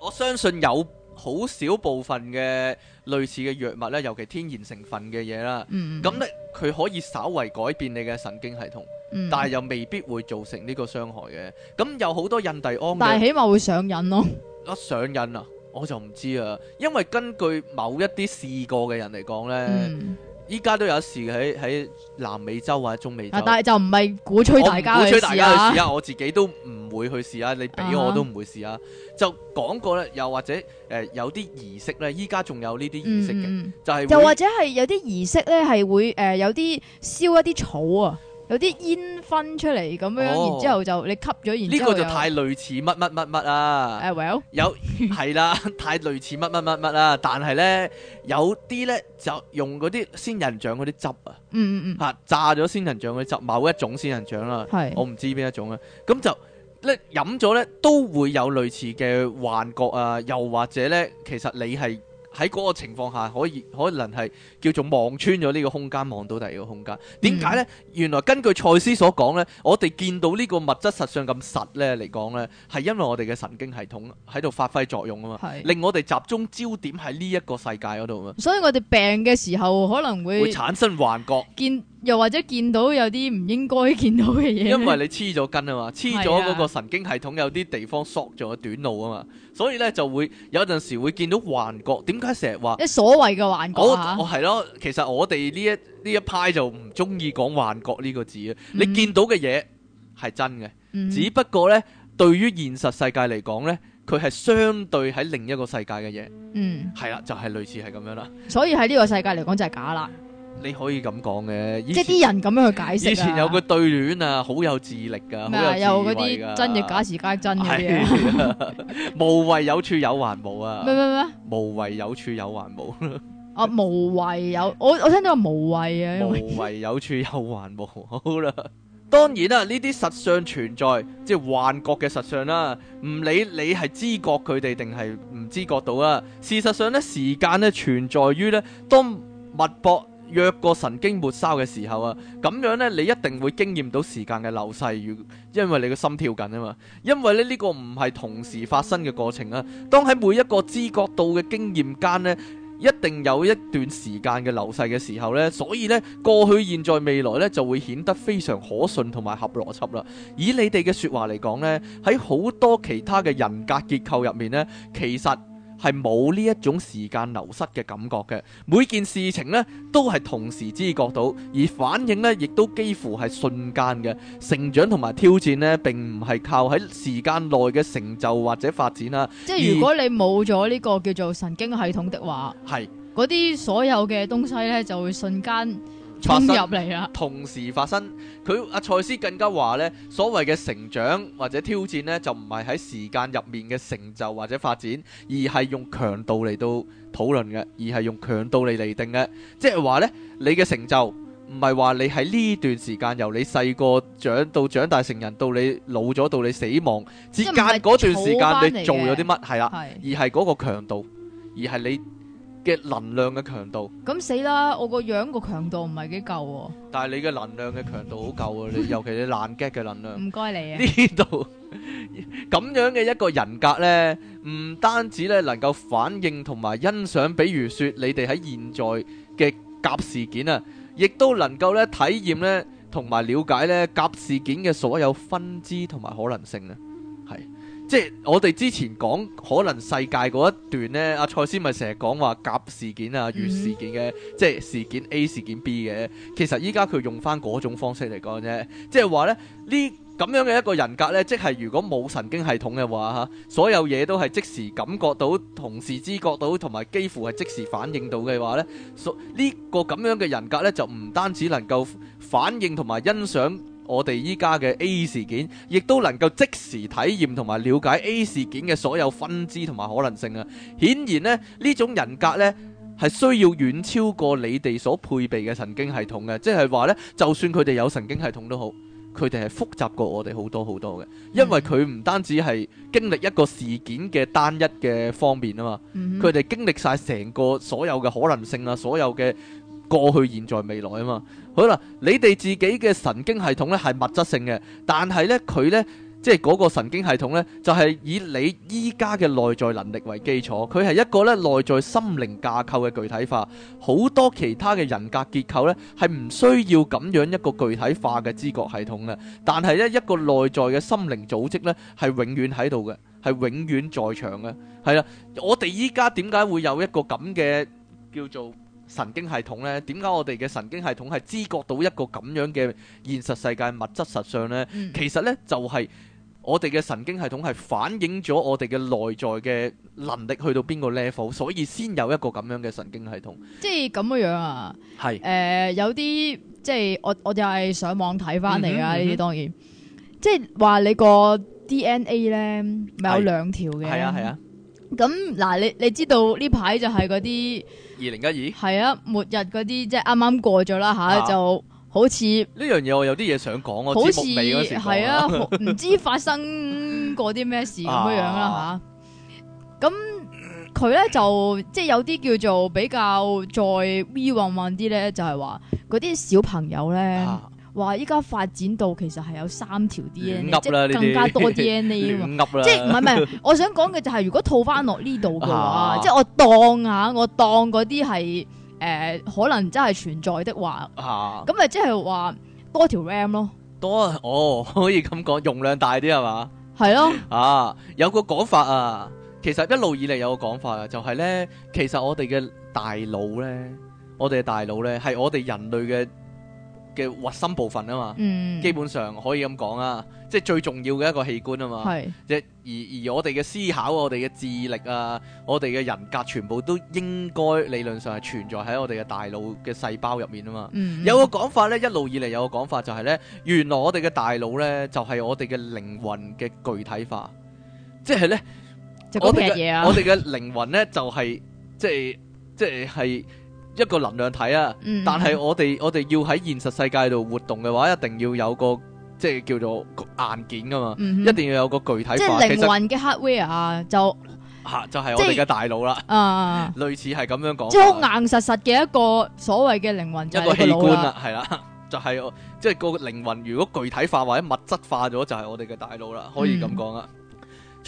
B: 我相信有。好少部分嘅類似嘅藥物咧，尤其天然成分嘅嘢啦，咁咧佢可以稍為改變你嘅神經系統，嗯、但係又未必會造成呢個傷害嘅。咁有好多印第安，但係起
A: 碼會上癮咯。
B: 一、啊、上癮啊？我就唔知啊，因為根據某一啲試過嘅人嚟講咧。嗯依家都有事喺喺南美洲或者中美洲，啊、但係就
A: 唔係鼓吹大家去試，我唔鼓吹大家去試
B: 啊！ 我自己都唔會去試啊，你俾我都唔會試啊。就講過咧，又或者誒、呃、有啲儀式咧，依家仲有呢啲儀式嘅，嗯、就係又或者
A: 係有啲儀式咧，係會誒、呃、有啲燒一啲草啊。有啲煙熏出嚟咁樣，然之後就你吸咗，然之後呢個就太
B: 類似乜乜乜乜啊！誒、uh,，Well 有係啦， 太類似乜乜乜乜啊！但係咧有啲咧就用嗰啲仙人掌嗰啲汁啊，嗯嗯嗯，吓榨咗仙人掌嘅汁，某一種仙人掌啦，係是我唔知邊一種啊，咁就咧飲咗咧都會有類似嘅幻覺啊，又或者咧其實你係。喺嗰個情況下，可以可以能係叫做望穿咗呢個空間，望到第二個空間。點解呢？嗯，原來根據賽斯所講呢，我哋見到呢個物質實相咁實呢，嚟講呢，係因為我哋嘅神經系統喺度發揮作用啊嘛，是令我哋集中焦點喺呢一個世界嗰度啊嘛。所以
A: 我哋病嘅時候可能會，會
B: 產生幻覺。見。
A: 又或者見到有啲唔應該見到嘅嘢，因為你
B: 黐咗根啊嘛，黐咗嗰個神經系統有啲地方索咗短路啊嘛，所以咧就會有陣時會見到幻覺。點解成日話？一所
A: 謂嘅幻覺吓，
B: 係咯？其實我哋呢一呢一派就唔中意講幻覺呢個字啊。你見到嘅嘢係真嘅，嗯、只不過咧對於現實世界嚟講咧，佢係相對喺另一個世界嘅嘢。嗯，係啦，就係、係、類似係咁樣啦。
A: 所以喺呢個世界嚟講就係假啦。
B: 你可以咁講嘅，即係啲人
A: 咁樣去解釋、啊。之前有
B: 個對聯啊，好有智力噶，係、啊、有嗰啲真亦
A: 假，時皆真嘅啲
B: 啊。 無為有處有還無啊！咩咩咩？無為有處有還無？
A: 哦，無為有我我聽到話無為啊，因為
B: 無為有處有還無好啦。當然啦、啊，呢啲實相存在，即係幻覺嘅實相啦、啊。唔理你係知覺佢哋定係唔知覺到啊。事實上咧，時間咧存在於咧當脈搏。約過神經末梢嘅時候啊，咁樣呢，你一定會經驗到時間嘅流逝，因為你個心跳緊啊嘛。因為呢，呢個唔係同時發生嘅過程啊。當喺每一個知覺到嘅經驗間呢，一定有一段時間嘅流逝嘅時候呢。所以呢，過去、現在、未來呢，就會顯得非常可信同埋合邏輯啦。以你哋嘅説話嚟講呢，喺好多其他嘅人格結構入面呢，其實，係冇呢一種時間流失嘅感覺嘅，每件事情咧都係同時知覺到，而反應咧亦都幾乎係瞬間嘅。成長同埋挑戰咧並唔係靠喺時間內嘅成就或者發展啦。即係如果
A: 你冇咗呢個叫做神經系統的話，係嗰啲所有嘅東西咧就會瞬間。發生，
B: 同時發生，佢阿賽斯更加話，呢所謂嘅成長或者挑戰呢，就唔係喺時間入面嘅成就或者發展，而係用強度嚟到討論嘅，而係用強度嚟嚟定嘅。即係話呢，你嘅成就唔係話你喺呢段時間，由你細個長到長大成人到你老咗到你死亡之間嗰段時間你做咗啲乜係啦，而係嗰個強度，而係你。嘅能量嘅強度，
A: 咁死啦！我個樣個強度唔係幾夠喎。
B: 但係你嘅能量嘅強度好夠喎，你尤其你難 get 嘅能量。唔
A: 該你啊！呢度
B: 咁樣嘅一個人格呢，唔單止呢能夠反應同埋欣賞，比如說你哋喺現在嘅甲事件啊，亦都能夠呢體驗呢同埋了解呢甲事件嘅所有分支同埋可能性啊！即係我哋之前講可能世界嗰一段呢，阿賽斯咪成日講話甲事件啊、乙事件嘅即係事件 A 事件 B 嘅，其實依家佢用翻嗰種方式嚟講啫，即係話呢，呢咁樣嘅一個人格呢，即係如果冇神經系統嘅話嚇，所有嘢都係即時感覺到、同時知覺到同埋幾乎係即時反應到嘅話呢，呢個咁樣嘅人格呢，就唔單止能夠反應同埋欣賞。我哋依家嘅 A 事件，亦都能夠即時體驗同埋了解 A 事件嘅所有分支同埋可能性啊！顯然呢，呢種人格呢係需要遠超過你哋所配備嘅神經系統嘅，即係話呢，就算佢哋有神經系統都好，佢哋係複雜過我哋好多好多嘅，因為佢唔單止係經歷一個事件嘅單一嘅方面啊嘛，佢哋、mm hmm. 經歷晒成個所有嘅可能性啊，所有嘅過去、現在、未來啊嘛。好啦，你哋自己嘅神經系統咧係物質性嘅，但係咧佢咧即係嗰個神經系統咧就係以你依家嘅內在能力為基礎，佢係一個咧內在心靈架構嘅具體化，好多其他嘅人格結構咧係唔需要咁樣一個具體化嘅知覺系統嘅，但係咧一個內在嘅心靈組織咧係永遠喺度嘅，係永遠在場嘅，係啦，我哋依家點解會有一個咁嘅叫做神經系統呢？點解我哋嘅神經系統係知覺到一個咁樣嘅現實世界物質實相呢？嗯、其實呢，就係、是、我哋嘅神經系統係反映咗我哋嘅內在嘅能力去到邊個 level，所以先有一個咁樣嘅神經系統。
A: 即係咁嘅樣啊！係誒是、呃，有啲即係我我就係上網睇翻嚟㗎呢啲，嗯嗯、當然即係話你個 DNA 呢，咪有兩
B: 條嘅？係啊係啊。
A: 咁嗱，你你知道呢排就係嗰啲
B: 二零一二，
A: 係 2012? 啊，末日嗰啲即係啱啱過咗啦吓，啊啊、就
B: 好似呢樣嘢我有啲嘢想講像、啊，好似係啊，唔
A: 知發生過啲咩事咁、啊、樣樣啦吓，咁佢咧就即係有啲叫做比較再 v 幻幻啲咧，就係話嗰啲小朋友咧。啊哇！依家發展到其實係有三條 DNA，更加多 DNA 啊！噏啦，即係唔係唔係， 我想講嘅就係如果套翻落呢度嘅話，啊、即係我當下我當嗰啲係誒可能真係存在的話，咁咪、啊、即係話多條 RAM 咯，
B: 多哦可以咁講容量大啲係嘛？係咯，啊，啊有個講法啊，其實一路以嚟有個講法嘅，就係、是、咧，其實我哋嘅大腦咧，我哋嘅大腦咧係我哋人類嘅。嘅核心部分啊嘛，嗯、基本上可以咁講啊，即係最重要嘅一個器官啊嘛，是即而而我哋嘅思考，我哋嘅智力啊，我哋嘅人格，全部都應該理論上係存在喺我哋嘅大腦嘅細胞入面啊嘛。嗯、有個講法咧，一路以嚟有個講法就係咧，原來我哋嘅大腦咧就係、是、我哋嘅靈魂嘅具體化，即係咧、
C: 啊、我哋嘅 我哋嘅
B: 靈魂咧就係、是、即係即係係。一個能量體啊，嗯嗯，但係我哋我哋要喺現實世界度活動嘅話，一定要有個即係叫做硬件，噶嘛，嗯、哼一定要有個具體化，即係靈魂
A: 嘅 hardware 啊，就
B: 吓就係我哋嘅大腦啦，啊，類似係咁樣講，即好
A: 硬實實嘅一個所謂嘅靈魂一，一個器官啦，
B: 啊，係啦，就係、是、即係個靈魂如果具體化或者物質化咗，就係我哋嘅大腦啦，可以咁講啊。嗯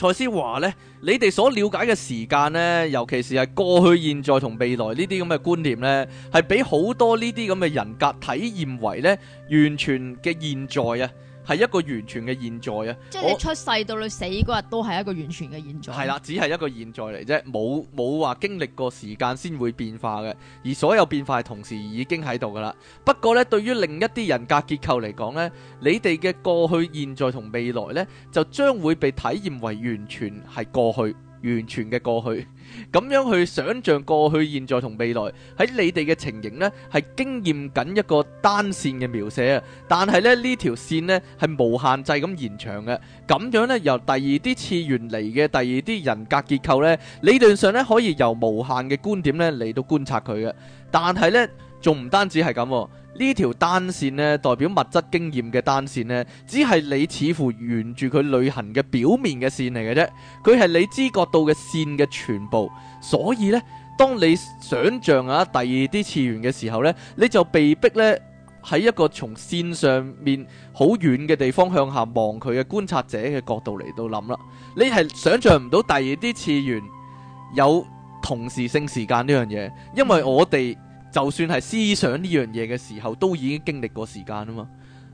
B: 賽斯話呢，你哋所了解嘅時間呢，尤其是係過去、現在同未來呢啲咁嘅觀念呢，係俾好多呢啲咁嘅人格體驗為呢，完全嘅現在啊！係一個完全嘅現在啊！即係你出
A: 世到你死嗰日都係一個完全嘅現在。係啦，只係一
B: 個現在嚟啫，冇冇話經歷過時間先會變化嘅。而所有變化係同時已經喺度噶啦。不過呢，對於另一啲人格結構嚟講呢，你哋嘅過去、現在同未來呢，就將會被體驗為完全係過去，完全嘅過去。咁樣去想象過去、現在同未來，喺你哋嘅情形呢，係經驗緊一個單線嘅描寫啊。但係咧，呢條線呢，係無限制咁延長嘅，咁樣呢，由第二啲次元嚟嘅第二啲人格結構呢，理論上呢，可以由無限嘅觀點呢嚟到觀察佢嘅。但係呢，仲唔單止係咁啊。呢條單線咧，代表物質經驗嘅單線咧，只係你似乎沿住佢旅行嘅表面嘅線嚟嘅啫。佢係你知覺到嘅線嘅全部。所以呢，當你想象啊第二啲次元嘅時候呢，你就被逼呢，喺一個從線上面好遠嘅地方向下望佢嘅觀察者嘅角度嚟到諗啦。你係想象唔到第二啲次元有同時性時間呢樣嘢，因為我哋。就算係思想呢樣嘢嘅時候，都已經經歷過時間啊嘛。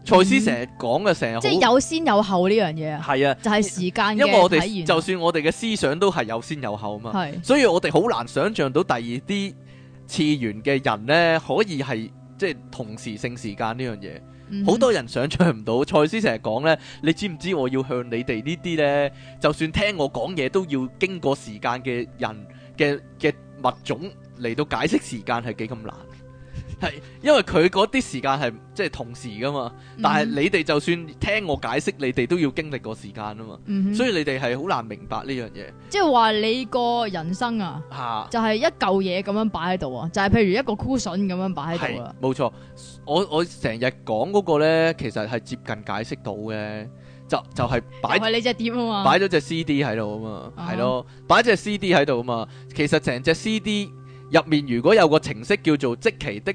B: 賽斯成日講嘅成日即係
A: 有先有後呢樣嘢啊。係啊，就係時間。因為我哋就
B: 算我哋嘅思想都係有先有後啊嘛。是所以我哋好難想像到第二啲次元嘅人呢，可以係即係同時性時間呢樣嘢。好、嗯、哼多人想像唔到。賽斯成日講呢，你知唔知我要向你哋呢啲呢？就算聽我講嘢都要經過時間嘅人嘅嘅物種。嚟到解釋時間係幾咁難，係 因為佢嗰啲時間係即係同時噶嘛，嗯、哼但係你哋就算聽我解釋，你哋都要經歷個時間啊嘛，嗯、哼所以你哋係好難明白呢樣嘢。
A: 即係話你個人生啊，啊就係一嚿嘢咁樣擺喺度啊，就係、是、譬如一個 cushion 咁樣擺喺度啊。
B: 冇錯，我我成日講嗰個咧，其實係接近解釋到嘅，就就係、是、擺係你
A: 隻碟啊嘛，擺
B: 咗隻 CD 喺度啊嘛，係、啊、咯，擺隻 CD 喺度啊嘛，其實成隻 CD 入面如果有個程式叫做即期的，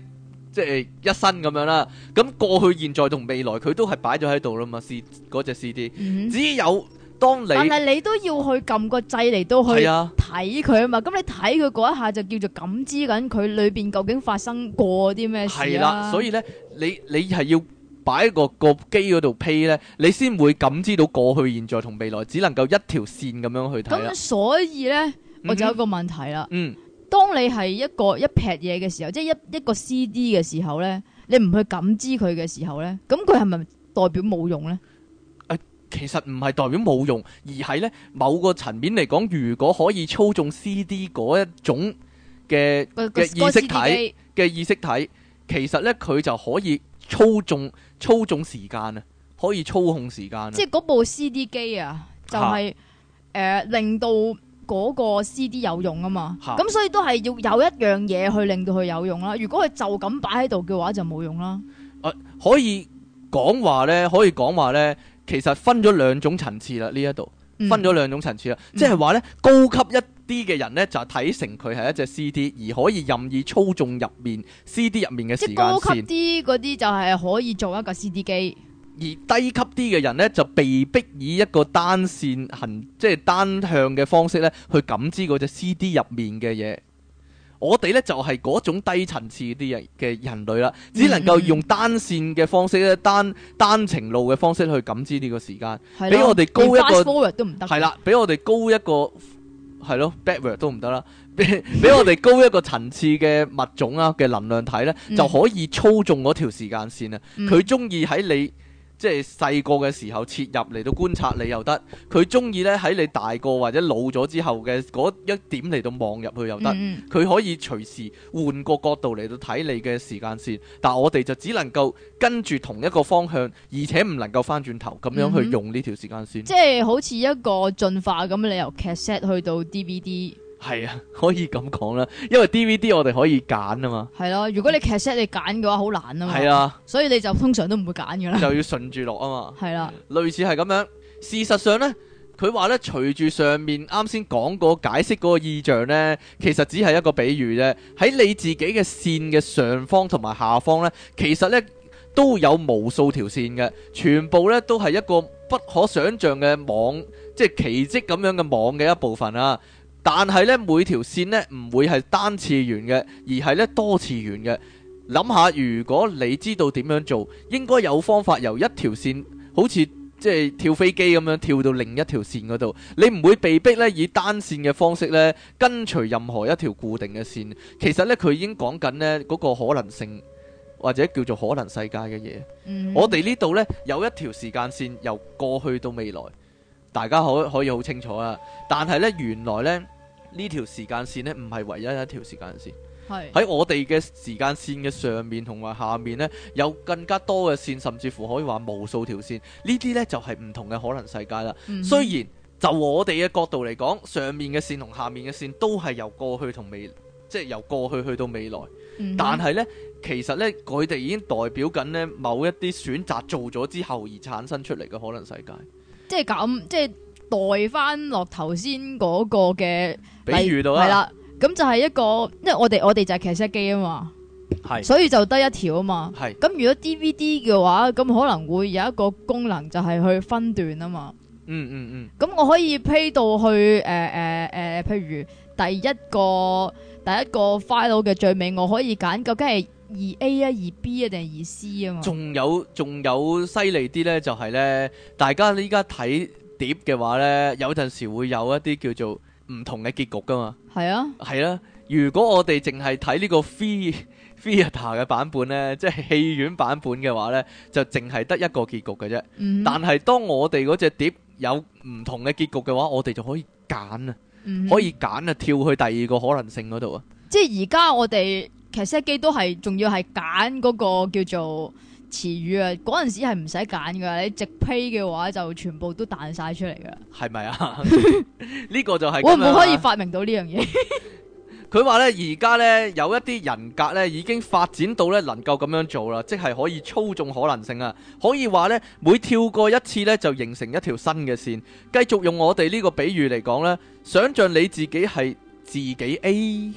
B: 即係一生咁樣啦。咁過去、現在同未來，佢都係擺咗喺度啦嘛。是嗰隻 CD、嗯、只有當你但係你
A: 都要去撳個掣嚟都去睇佢啊嘛。咁你睇佢嗰一下就叫做感知緊佢裏邊究竟發生過啲咩事啦、啊。係啦、啊，所以咧，
B: 你你係要擺一個個機嗰度 play 咧，你先、那個那個、會感知到過去、現在同未來，只能夠一條綫咁樣去睇。咁、嗯、所
A: 以咧，我就有一個問題啦、嗯。嗯。當你係一個一撇嘢嘅時候，即係一一個 C D 嘅時候呢，你唔去感知佢嘅時候呢，咁佢係咪代表冇用呢？
B: 其實唔係代表冇用，而係呢，某個層面嚟講，如果可以操縱 C D 嗰一種嘅嘅意識體嘅意識體，其實呢，佢就可以操縱操縱時間啊，可以操控時間。即係
A: 嗰部 C D 機啊，就係，是啊呃、令到。嗰個 CD 有用啊嘛，咁的所以都係要有一樣嘢去令到佢有用啦。如果佢就咁擺喺度嘅話就，就冇用啦。
B: 誒，可以講話呢，可以講話呢，其實分咗兩種層次啦。呢一度分咗兩種層次啦，即係話呢，高級一啲嘅人呢，就睇成佢係一隻 CD，而可以任意操縱入面 CD 入面嘅時間線。即
A: 高級啲嗰啲就係可以做一個 CD 機。
B: 而低級啲嘅人呢，就被迫以一個單線行，即係單向嘅方式呢，去感知嗰隻 CD 入面嘅嘢。我哋呢，就係、是、嗰種低層次啲嘅人類啦，只能夠用單線嘅方式咧，嗯、單單程路嘅方式去感知呢個時間。係啦的，比我哋高一個 forward
A: 都唔得，係啦，比
B: 我哋高一個係咯 backward 都唔得啦。比我哋高一個層次嘅物種啊嘅能量體呢，嗯、就可以操縱嗰條時間線啊。佢中意喺你。即係細個嘅時候切入嚟到觀察你又得，佢中意咧喺你大個或者老咗之後嘅嗰一點嚟到望入去又得，佢、嗯嗯、可以隨時換個角度嚟到睇你嘅時間線。但我哋就只能夠跟住同一個方向，而且唔能夠翻轉頭咁樣去用呢條時間線。嗯嗯、即
A: 係好似一個進化咁，你由 Cassette 去到 DVD。
B: 係啊，可以咁講啦，因為 D V D 我哋可以揀啊嘛。
A: 係咯、啊，如果你劇 set 你揀嘅話，好難啊嘛。係啊，所以你就通常都唔會揀噶啦。就要
B: 順住落啊嘛。係啦、啊，類似係咁樣。事實上呢，佢話咧，隨住上面啱先講過解釋嗰個意象呢，其實只係一個比喻啫。喺你自己嘅線嘅上方同埋下方呢，其實呢都有無數條線嘅，全部呢都係一個不可想象嘅網，即係奇跡咁樣嘅網嘅一部分啊。但係呢，每條線呢唔會係單次元嘅，而係呢多次元嘅。諗下，如果你知道點樣做，應該有方法由一條線，好似即係跳飛機咁樣跳到另一條線嗰度，你唔會被逼呢以單線嘅方式呢跟隨任何一條固定嘅線。其實呢，佢已經講緊呢嗰個可能性或者叫做可能世界嘅嘢。嗯、我哋呢度呢有一條時間線，由過去到未來。大家可可以好清楚啊！但係呢，原來呢，呢條時間線呢，唔係唯一一條時間線。係喺是我哋嘅時間線嘅上面同埋下面呢，有更加多嘅線，甚至乎可以話無數條線。呢啲呢，就係、是、唔同嘅可能世界啦。嗯、哼雖然就我哋嘅角度嚟講，上面嘅線同下面嘅線都係由過去同未，即係由過去去到未來。嗯、哼但係呢，其實呢，佢哋已經代表緊呢某一啲選擇做咗之後而產生出嚟嘅可能世界。
A: 即係咁，即係代翻落頭先嗰個嘅，比如到啦，係啦，咁就係一個，因為我哋我哋就係 CD 機啊嘛，係是，所以就得一條啊嘛，係是。咁如果 DVD 嘅話，咁可能會有一個功能就係去分段啊嘛，嗯嗯
C: 嗯。
A: 咁、嗯嗯、我可以 play 到去誒誒誒，譬如第一個第一個 file 嘅最尾，我可以揀究竟係。二 A 啊，二 B 啊，定係二 C 啊嘛？仲
B: 有仲有犀利啲呢，就係呢。大家呢依家，睇碟嘅話呢，有陣時會有一啲叫做唔同嘅結局噶嘛？係啊，係啊。如果我哋淨係睇呢個 free theater 嘅版本呢，即係戲院版本嘅話呢，就淨係得一個結局嘅啫。嗯、哼但係當我哋嗰隻碟有唔同嘅結局嘅話，我哋就可以揀啊，嗯、哼可以揀啊，跳去第二個可能性嗰度啊。
A: 即係而家我哋。其實機都係，仲要係揀嗰個叫做詞語啊。嗰陣時係唔使揀噶，你直批嘅話就全部都彈晒出嚟噶。
B: 係咪啊？呢 個就係、啊、我唔可以
A: 發明到呢樣嘢。
B: 佢 話呢，而家呢有一啲人格呢已經發展到呢能夠咁樣做啦，即係可以操縱可能性啊。可以話呢，每跳過一次呢就形成一條新嘅線，繼續用我哋呢個比喻嚟講呢，想象你自己係自己 A。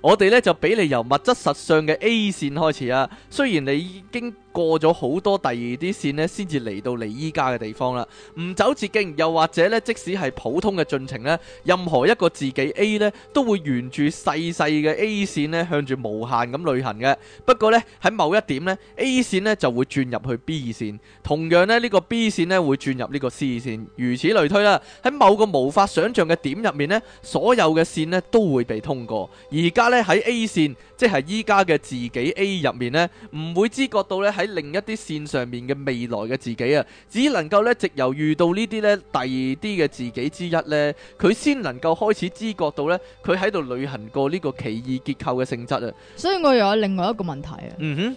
B: 我哋咧就俾你由物質實相嘅 A 線開始啊，雖然你已經，過咗好多第二啲線呢先至嚟到你依家嘅地方啦。唔走捷徑，又或者呢，即使係普通嘅進程呢，任何一個自己 A 呢，都會沿住細細嘅 A 線呢，向住無限咁旅行嘅。不過呢，喺某一點呢，A 線呢就會轉入去 B 線，同樣呢，呢個 B 線呢會轉入呢個 C 線，如此類推啦。喺某個無法想象嘅點入面呢，所有嘅線呢都會被通過。而家呢，喺 A 線，即係依家嘅自己 A 入面呢，唔會知覺到咧喺。另一啲線上面嘅未來嘅自己啊，只能夠咧直由遇到呢啲咧第二啲嘅自己之一咧，佢先能夠開始知覺到咧，佢喺度旅行過呢個奇異結構嘅性質啊。
A: 所以我又有另外一個問題啊。嗯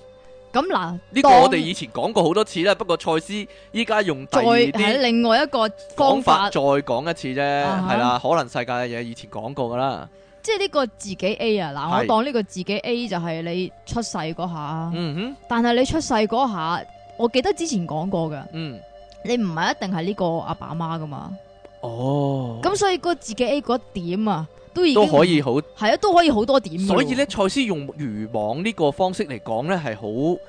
A: 哼，咁嗱，呢個我哋以
B: 前講過好多次啦。不過賽斯依家用第二啲另
A: 外一個方法，講法
B: 再講一次啫，係啦、啊，可能世界嘅嘢以前講過噶啦。
A: 即係呢個自己 A 啊，嗱，我當呢個自己 A 就係你出世嗰下，嗯、哼但係你出世嗰下，我記得之前講過嘅，嗯、你唔係一定係呢個阿爸媽噶嘛，
C: 哦，
A: 咁所以個自己 A 嗰點啊，都已經都可以好係啊，都可以好多點，所以咧賽
B: 斯用漁網呢個方式嚟講咧係好。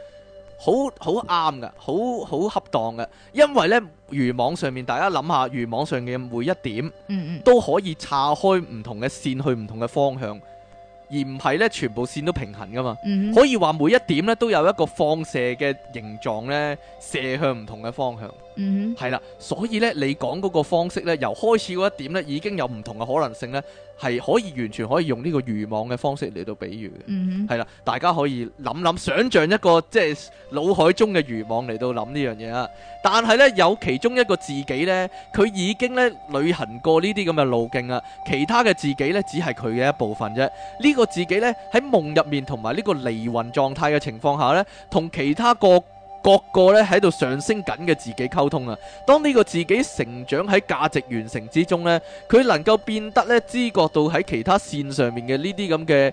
B: 好好啱嘅，好好，好恰當嘅，因為呢，漁網上面大家諗下，漁網上嘅每一點，都可以岔開唔同嘅線去唔同嘅方向，而唔係呢，全部線都平衡噶嘛。嗯、哼可以話每一點呢都有一個放射嘅形狀呢，射向唔同嘅方向，
C: 嗯係
B: 哼啦，所以呢，你講嗰個方式呢，由開始嗰一點呢已經有唔同嘅可能性呢。係可以完全可以用呢個漁網嘅方式嚟到比喻嘅，係啦、mm hmm.，大家可以諗諗想，想像一個即係腦海中嘅漁網嚟到諗呢樣嘢啦。但係呢，有其中一個自己呢，佢已經呢旅行過呢啲咁嘅路徑啦，其他嘅自己呢，只係佢嘅一部分啫。呢、這個自己呢，喺夢入面同埋呢個離魂狀態嘅情況下呢，同其他個。各個咧喺度上升緊嘅自己溝通啊！當呢個自己成長喺價值完成之中呢，佢能夠變得咧知覺到喺其他線上面嘅呢啲咁嘅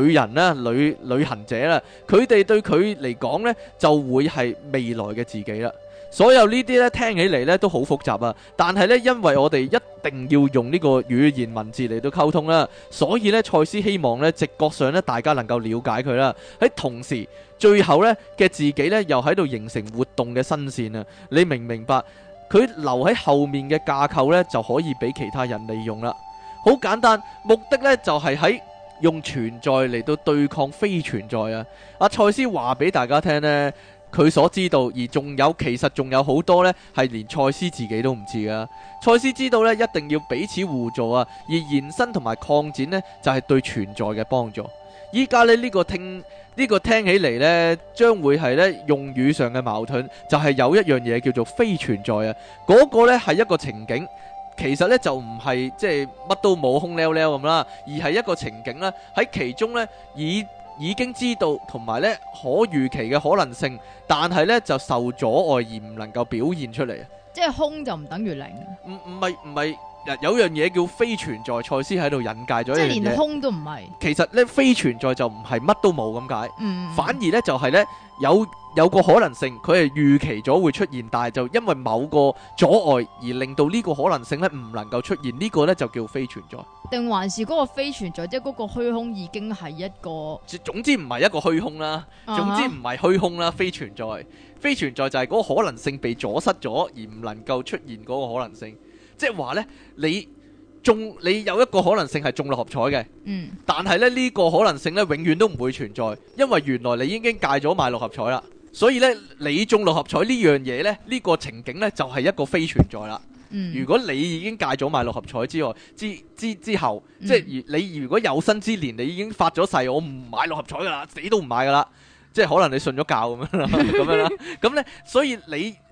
B: 旅人啦、旅旅行者啦，佢哋對佢嚟講呢，就會係未來嘅自己啦。所有呢啲呢，聽起嚟呢都好複雜啊！但係呢，因為我哋一定要用呢個語言文字嚟到溝通啦，所以呢，賽斯希望呢，直覺上呢，大家能夠了解佢啦。喺同時。最後咧嘅自己咧又喺度形成活動嘅新線啊！你明唔明白？佢留喺後面嘅架構咧就可以俾其他人利用啦。好簡單，目的呢就係喺用存在嚟到對抗非存在啊！阿賽斯話俾大家聽呢，佢所知道而仲有，其實仲有好多呢係連賽斯自己都唔知噶。賽斯知道呢一定要彼此互助啊，而延伸同埋擴展呢就係對存在嘅幫助。依家咧呢個聽呢個聽起嚟咧，將會係咧用語上嘅矛盾，就係有一樣嘢叫做非存在啊。嗰個咧係一個情景，其實咧就唔係即係乜都冇空唥唥咁啦，而係一個情景啦。喺其中咧已已經知道同埋咧可預期嘅可能性，但係咧就受阻礙而唔能夠表現出嚟。
A: 即係空就唔等於零。唔唔
B: 係唔係。有樣嘢叫非存在，賽斯喺度引介咗一樣嘢，即係連空
A: 都唔係。
B: 其實咧，非存在就唔係乜都冇咁解，反而咧就係咧有有個可能性，佢係預期咗會出現，但係就因為某個阻礙而令到呢個可能性咧唔能夠出現，呢個咧就叫非存在。
A: 定還是嗰個非存在，即係嗰個虛空已經係一個。
B: 總之唔係一個虛空啦，總之唔係虛空啦，非存在，非存在就係嗰個可能性被阻塞咗，而唔能夠出現嗰個可能性。即係話呢，你中你有一個可能性係中六合彩嘅，嗯、但係咧呢、呢個可能性咧永遠都唔會存在，因為原來你已經戒咗買六合彩啦。所以呢，你中六合彩呢樣嘢呢，呢、呢個情景呢，就係、是、一個非存在啦。嗯、如果你已經戒咗買六合彩之外，之之之後，嗯、即係你如果有生之年你已經發咗誓，我唔買六合彩噶啦，死都唔買噶啦，即係可能你信咗教咁 樣啦，咁樣啦，咁咧，所以你。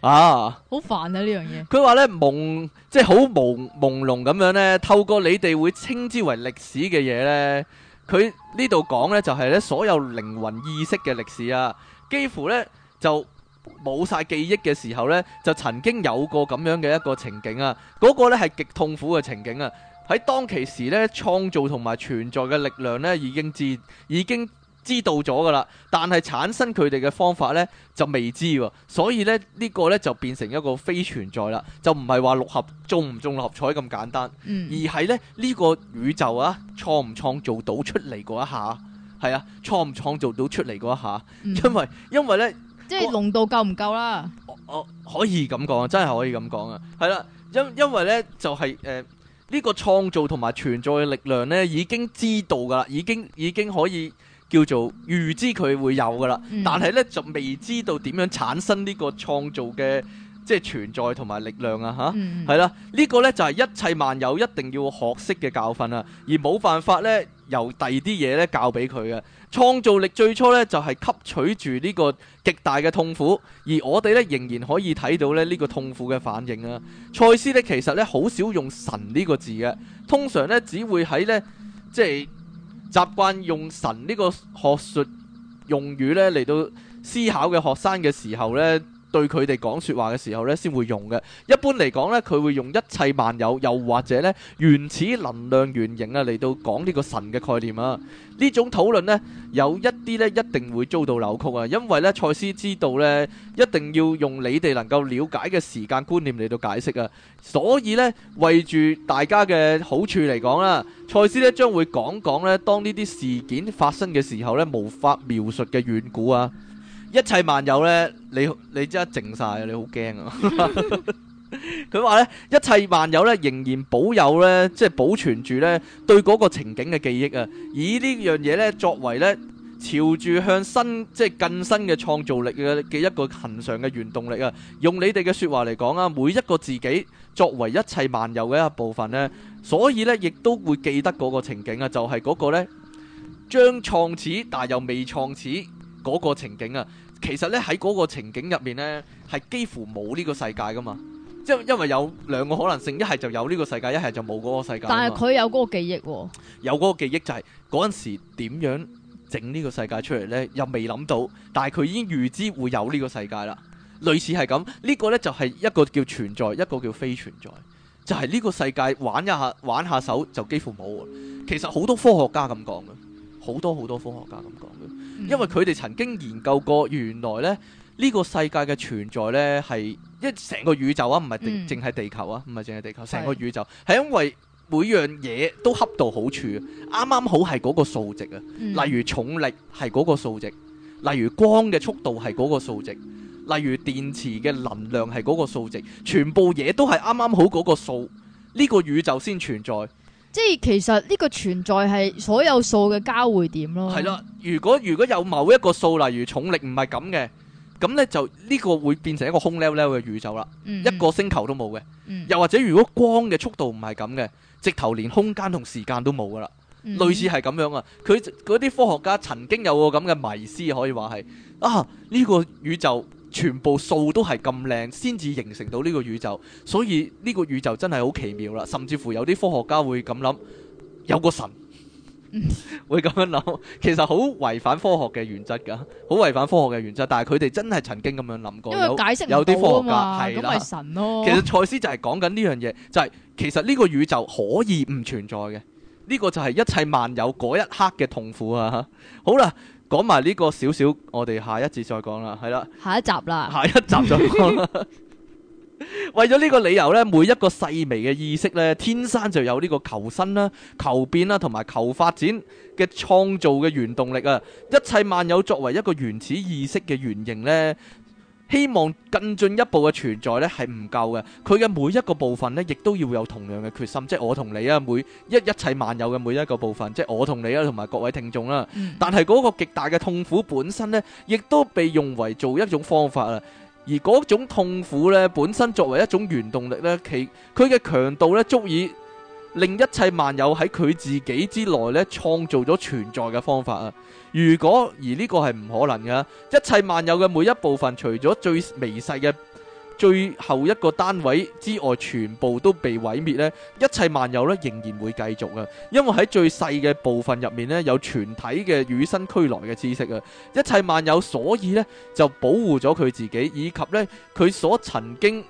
B: 啊，
A: 好煩啊呢樣嘢。
B: 佢話呢，朦，即係好朦朦朧咁樣呢，透過你哋會稱之為歷史嘅嘢呢。佢呢度講呢，就係呢所有靈魂意識嘅歷史啊。幾乎呢就冇晒記憶嘅時候呢，就曾經有過咁樣嘅一個情景啊。嗰個呢係極痛苦嘅情景啊。喺當其時呢，創造同埋存在嘅力量呢，已經至已經。知道咗噶啦，但係產生佢哋嘅方法呢就未知喎，所以咧呢個呢就變成一個非存在啦，就唔係話六合中唔中六合彩咁簡單，嗯、而係咧呢個宇宙啊創唔創造到出嚟嗰一下係啊，創唔創造到出嚟嗰一下，嗯、因為因為咧
A: 即係濃度夠唔夠啦？我我
B: 可以咁講，真係可以咁講啊，係啦，因因為咧就係誒呢個創造同埋存在嘅力量呢已經知道噶啦，已經已經可以。叫做預知佢會有噶啦，嗯、但係咧就未知道點樣產生呢個創造嘅即係存在同埋力量啊吓，係啦，嗯這個、呢個咧就係、是、一切萬有一定要學識嘅教訓啊，而冇辦法咧由第二啲嘢咧教俾佢嘅創造力最初咧就係、是、吸取住呢個極大嘅痛苦，而我哋咧仍然可以睇到咧呢、這個痛苦嘅反應啊。賽斯咧其實咧好少用神呢個字嘅，通常咧只會喺咧即係。習慣用神呢個學術用語咧嚟到思考嘅學生嘅時候咧，對佢哋講說話嘅時候呢，先會用嘅。一般嚟講呢，佢會用一切萬有，又或者呢原始能量原型啊嚟到講呢個神嘅概念啊。呢種討論呢，有一啲呢，一定會遭到扭曲啊。因為呢，賽斯知道呢，一定要用你哋能夠了解嘅時間觀念嚟到解釋啊。所以呢，為住大家嘅好處嚟講啦，賽斯呢將會講講呢，當呢啲事件發生嘅時候呢，無法描述嘅遠古啊。一切萬有呢，你你即係靜晒，你好驚啊！佢話呢，一切萬有呢，仍然保有呢，即係保存住呢對嗰個情景嘅記憶啊！以呢樣嘢呢，作為呢，朝住向新即係更新嘅創造力嘅嘅一個恆常嘅原動力啊！用你哋嘅說話嚟講啊，每一個自己作為一切萬有嘅一部分呢，所以呢，亦都會記得嗰個情景啊！就係、是、嗰個呢，將創始但又未創始。嗰個情景啊，其實呢，喺嗰個情景入面呢，係幾乎冇呢個世界噶嘛。即係因為有兩個可能性，一係就有呢個世界，一係就冇嗰個世界。但係佢
A: 有嗰個記憶喎、
B: 哦。有嗰個記憶就係嗰陣時點樣整呢個世界出嚟呢，又未諗到。但係佢已經預知會有呢個世界啦。類似係咁，呢、這個呢就係一個叫存在，一個叫非存在。就係、是、呢個世界玩一下，玩下手就幾乎冇。其實好多科學家咁講嘅，好多好多科學家咁講嘅。因為佢哋曾經研究過，原來呢，呢個世界嘅存在呢，係一成個宇宙啊，唔係淨淨係地球啊，唔係淨係地球，成是個宇宙係因為每樣嘢都恰到好處，啱啱好係嗰個數值啊。例如重力係嗰個數值，例如、嗯、例如光嘅速度係嗰個數值，例如電池嘅能量係嗰個數值，全部嘢都係啱啱好嗰個數，呢個宇宙先存在。
A: 即係其實呢個存在係所有數嘅交匯點咯。係啦，
B: 如果如果有某一個數，例如重力唔係咁嘅，咁呢就呢個會變成一個空溜溜嘅宇宙啦，嗯、一個星球都冇嘅。嗯、又或者如果光嘅速度唔係咁嘅，直頭連空間同時間都冇噶啦，嗯、類似係咁樣啊。佢啲科學家曾經有個咁嘅迷思，可以話係啊呢、這個宇宙。全部數都係咁靚，先至形成到呢個宇宙，所以呢個宇宙真係好奇妙啦。甚至乎有啲科學家會咁諗，有個神會咁樣諗，其實好違反科學嘅原則㗎，好違反科學嘅原則。但係佢哋真係曾經咁樣諗過，因為解釋有有啲科學家係咁，係神咯。其實賽斯就係講緊呢樣嘢，就係、是、其實呢個宇宙可以唔存在嘅，呢、呢個就係一切萬有嗰一刻嘅痛苦啊！好啦。講埋呢個少少，我哋下一節再講啦，係啦，
A: 下一集啦，下
B: 一集再講啦。 為咗呢個理由呢，每一個細微嘅意識呢，天生就有呢個求新啦、啊、求變啦、啊，同埋求發展嘅創造嘅原動力啊！一切萬有作為一個原始意識嘅原型咧。希望更進一步嘅存在咧係唔夠嘅，佢嘅每一個部分咧，亦都要有同樣嘅決心，即係我同你啊，每一一切萬有嘅每一個部分，即係我同你啊，同埋各位聽眾啦。嗯、但係嗰個極大嘅痛苦本身呢，亦都被用為做一種方法啦，而嗰種痛苦呢，本身作為一種原動力呢，其佢嘅強度咧足以，令一切萬有喺佢自己之內咧，創造咗存在嘅方法啊。如果而呢個係唔可能嘅，一切萬有嘅每一部分，除咗最微細嘅最後一個單位之外，全部都被毀滅咧。一切萬有咧仍然會繼續啊，因為喺最細嘅部分入面咧有全體嘅與生俱來嘅知識啊。一切萬有所以呢就保護咗佢自己，以及呢佢所曾經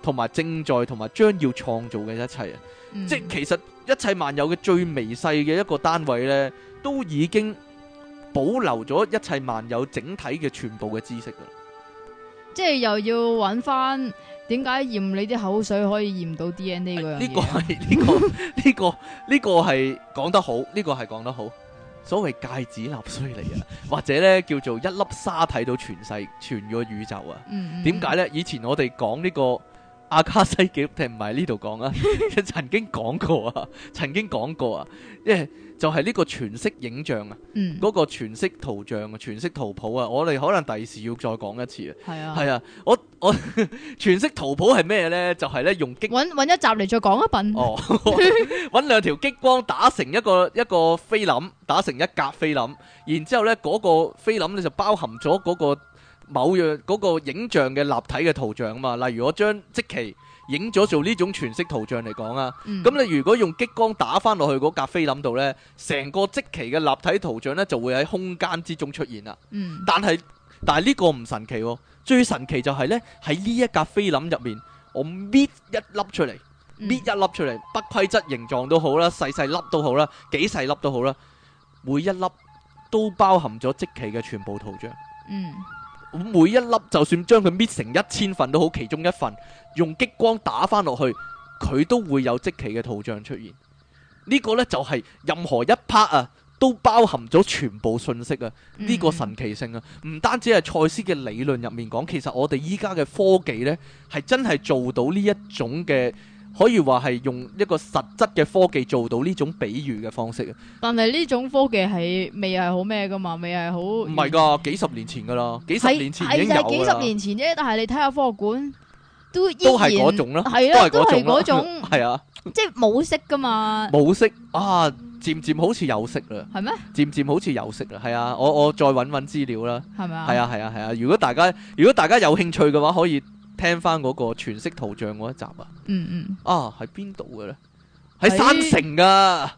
B: 同埋正在同埋將要創造嘅一切啊。嗯、即係其實一切萬有嘅最微細嘅一個單位呢，都已經保留咗一切萬有整體嘅全部嘅知識噶啦。
A: 即係又要揾翻點解驗你啲口水可以驗到 DNA 嗰樣嘢？呢
B: 個係呢、這個呢、這個呢、這個係講得好，呢 個係講得好、這個、得好。所謂芥子納須嚟啊， 或者呢叫做一粒沙睇到全世全個宇宙啊。點解、嗯嗯、呢？以前我哋講呢個。阿卡西記錄，聽唔係呢度講啊， 曾經講過啊，曾經講過啊，因為就係、是、呢個全息影像啊，嗰、嗯、個全息圖像、啊，全息圖譜啊，我哋可能第二時要再講一次啊，係啊，係啊，我我 全息圖譜係咩呢？就係、是、咧用激光
A: 揾一集嚟再講一品，哦，
B: 揾 兩條激光打成一個一個菲林，打成一格菲林，然之後呢，嗰、那個菲林咧就包含咗嗰、那個。某樣嗰個影像嘅立體嘅圖像啊嘛，例如我將積奇影咗做呢種全息圖像嚟講啊，咁、嗯、你如果用激光打返落去嗰格菲林度呢，成個積奇嘅立體圖像呢就會喺空間之中出現啦、嗯。但係但係呢個唔神奇、哦，最神奇就係呢喺呢一格菲林入面，我搣一粒出嚟，搣一粒出嚟，不規則形狀都好啦，細細粒都好啦，幾細粒都好啦，每一粒都包含咗積奇嘅全部圖像。
C: 嗯。
B: 每一粒，就算將佢搣成一千份都好，其中一份用激光打翻落去，佢都會有積奇嘅圖像出現。呢、這個呢，就係、是、任何一 part 啊，都包含咗全部信息啊。呢、嗯、個神奇性啊，唔單止係賽斯嘅理論入面講，其實我哋依家嘅科技呢，係真係做到呢一種嘅。可以話係用一個實質嘅科技做到呢種比喻嘅方式啊！
A: 但係呢種科技係未係好咩噶嘛，未係好
B: 唔係噶，幾十年前噶啦，幾十年前已經有噶啦，係係係幾十年
A: 前啫，但係你睇下科學館都都係嗰種咯，係咯，都係嗰種，啊、種，係 啊，即係冇色噶嘛，
B: 冇色啊，漸漸好似有色啦，係咩？漸漸好似有色啦，係啊，我我再搵搵資料啦，係咪啊？係啊係啊係啊，如果大家如果大家，如果大家有興趣嘅話，可以。聽翻嗰個全息圖像嗰一集啊，嗯嗯，啊喺邊度嘅咧？喺山城啊，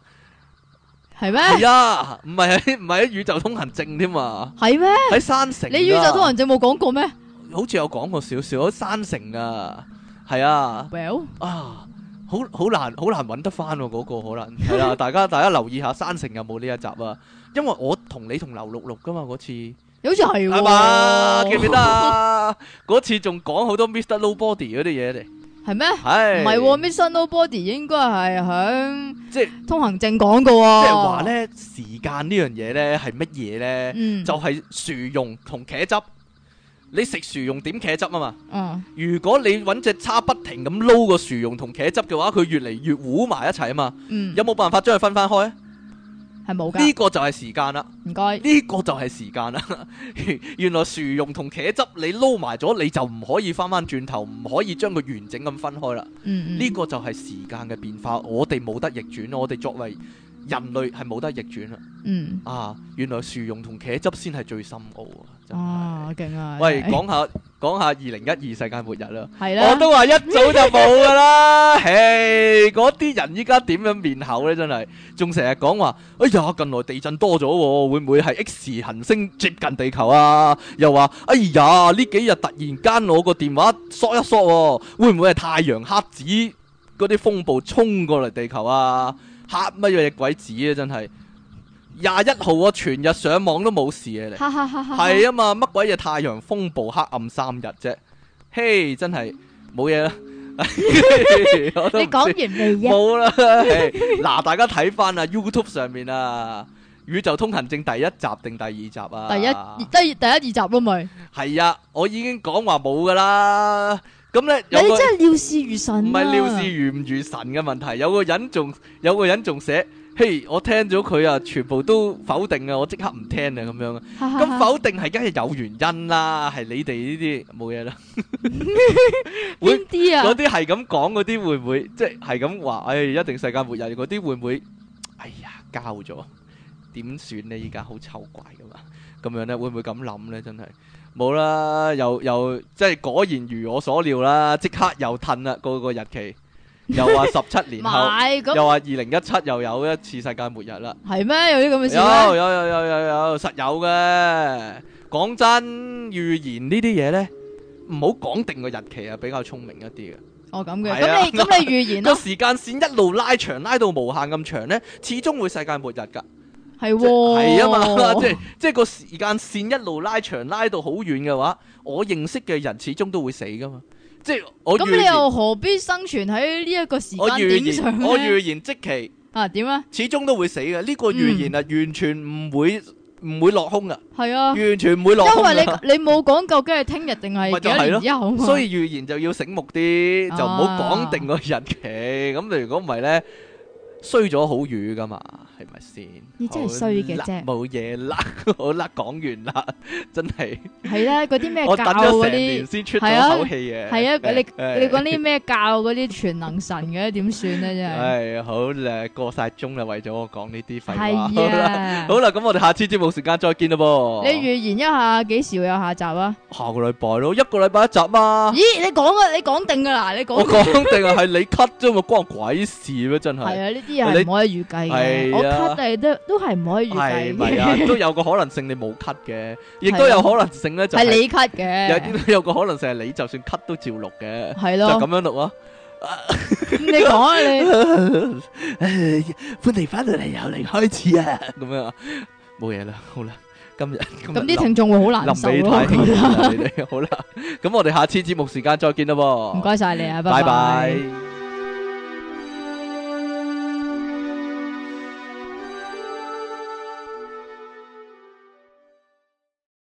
A: 係咩？係啊，唔係喺
B: 唔係喺宇宙通行證添嘛？係咩嗎？喺山城、啊。你宇宙通行
A: 證冇講過咩？
B: 好似有講過少少，喺山城啊，係啊。Well，啊，好好難好難搵得翻嗰、啊那個可能，係啊， 大家大家留意下山城有冇呢一集啊，因為我同你同劉六六噶嘛嗰次。
A: 好似係係嘛，
B: 記唔記得啊？嗰 次仲講好多 Mr. Nobody 嗰啲嘢嚟，
A: 係咩、哎哦？係唔係？Mr. Nobody 應該係響即係是 通行證講過啊。即係話
B: 咧，時間呢樣嘢咧係乜嘢咧？呢嗯、就係薯蓉同茄汁。你食薯蓉點茄汁啊嘛？嗯，如果你搵隻叉不停咁撈個薯蓉同茄汁嘅話，佢越嚟越糊埋一齊啊嘛。嗯，有冇辦法將佢分翻開啊？係呢個就係時間啦。唔該謝，呢個就係時間啦。 原來薯蓉同茄汁你撈埋咗，你就唔可以返返轉頭，唔可以將佢完整咁分開啦。嗯嗯、呢個就係時間嘅變化，我哋冇得逆轉。我哋作為，人類係冇得逆轉啦，嗯啊，原來薯蓉同茄汁先係最深奧啊！哦，勁啊！喂，講下講下二零一二世界末日啦，係啦，我都話一早就冇噶啦，嘿，嗰啲人依家點樣面口咧？真係仲成日講話，哎呀，近來地震多咗，會唔會係 X 行星接近地球啊？又話，哎呀，呢幾日突然間攞個電話嗦一嗦，會唔會係太陽黑子嗰啲風暴衝過嚟地球啊？吓乜嘢鬼子啊！真係廿一號我全日上網都冇事嘅，你係 啊嘛，乜鬼嘢太陽風暴黑暗三日啫？嘿，hey，真係冇嘢啦。 你講完未 沒了 啊？冇啦，嗱，大家睇翻啊 YouTube 上面啊《宇宙通行證》第一集定第二集啊？第一、第
A: 一第一、第二集都咪
B: 係啊？我已經講話冇噶啦。咁咧，你真係料事如神。唔係料事如唔如神嘅問題，有個人仲有個人仲寫，嘿，我聽咗佢啊，全部都否定啊，我即刻唔聽啊，咁樣。咁否定係梗係有原因啦，係你哋呢啲冇嘢啦。邊啲啊？嗰啲係咁講嗰啲會唔會即係咁話？哎，一定世界末日嗰啲會唔會？哎呀，交咗點算呢？依家好醜怪噶嘛！咁樣咧，會唔會咁諗咧？真係冇啦，又又即係果然如我所料啦，即刻又褪啦個個日期，又話十七年後，又話二零一七又有一次世界末日啦。係
A: 咩？有啲咁嘅事？有
B: 有有有有有實有嘅。講真，預言呢啲嘢咧，唔好講定個日期啊，比較聰明一啲嘅。哦，咁
A: 嘅。咁你咁你預言咯？個
B: 時間線一路拉長拉到無限咁長咧，始終會世界末日噶。
A: 係係啊嘛，即係
B: 即係個時間線一路拉長拉到好遠嘅話，我認識嘅人始終都會死噶嘛。即係我咁你又
A: 何必生存喺呢一個時間點上咧？我預言，我預言即期啊？點啊？
B: 始終都會死嘅呢個預言啊，完全唔會唔會落空噶。係啊，完全唔會落空。因為
A: 你你冇講究竟係聽日定係幾年以後。所以
B: 預言就要醒目啲，就唔好講定個日期。咁你如果唔係咧，衰咗好遠噶嘛。係咪先？你真係衰嘅啫，冇嘢啦，好啦，講完啦，真係係
A: 啦，嗰啲咩教嗰啲，係啊，係啊，你你講啲咩教嗰啲全能神嘅點算啊？真係，係
B: 好啦，過晒鐘啦，為咗我講呢啲廢話。係啊，好啦，咁我哋下次節目時間再見咯噃。你
A: 預言一下幾時會有下集啊？
B: 下個禮拜咯，一個禮拜一集嘛。
A: 咦？你講嘅你講定噶啦，你講我講定
B: 啊，係你 cut 啫嘛，關我鬼事咩？真係係啊，呢啲嘢係唔可以預計嘅。係啊。咳，
A: 都係都都係唔可以預計嘅，
B: 都有個可能性你冇咳嘅，亦都有可能性咧就係你咳嘅，有有個可能性係你就算咳都照錄嘅，係咯，就咁樣錄咯。你講啊你，歡迎翻到嚟，由零開始啊，咁樣冇嘢啦，好啦，今日咁啲聽眾會好難受咯，好啦，咁我哋下次節目時間再見啦，唔該晒你啊，拜拜。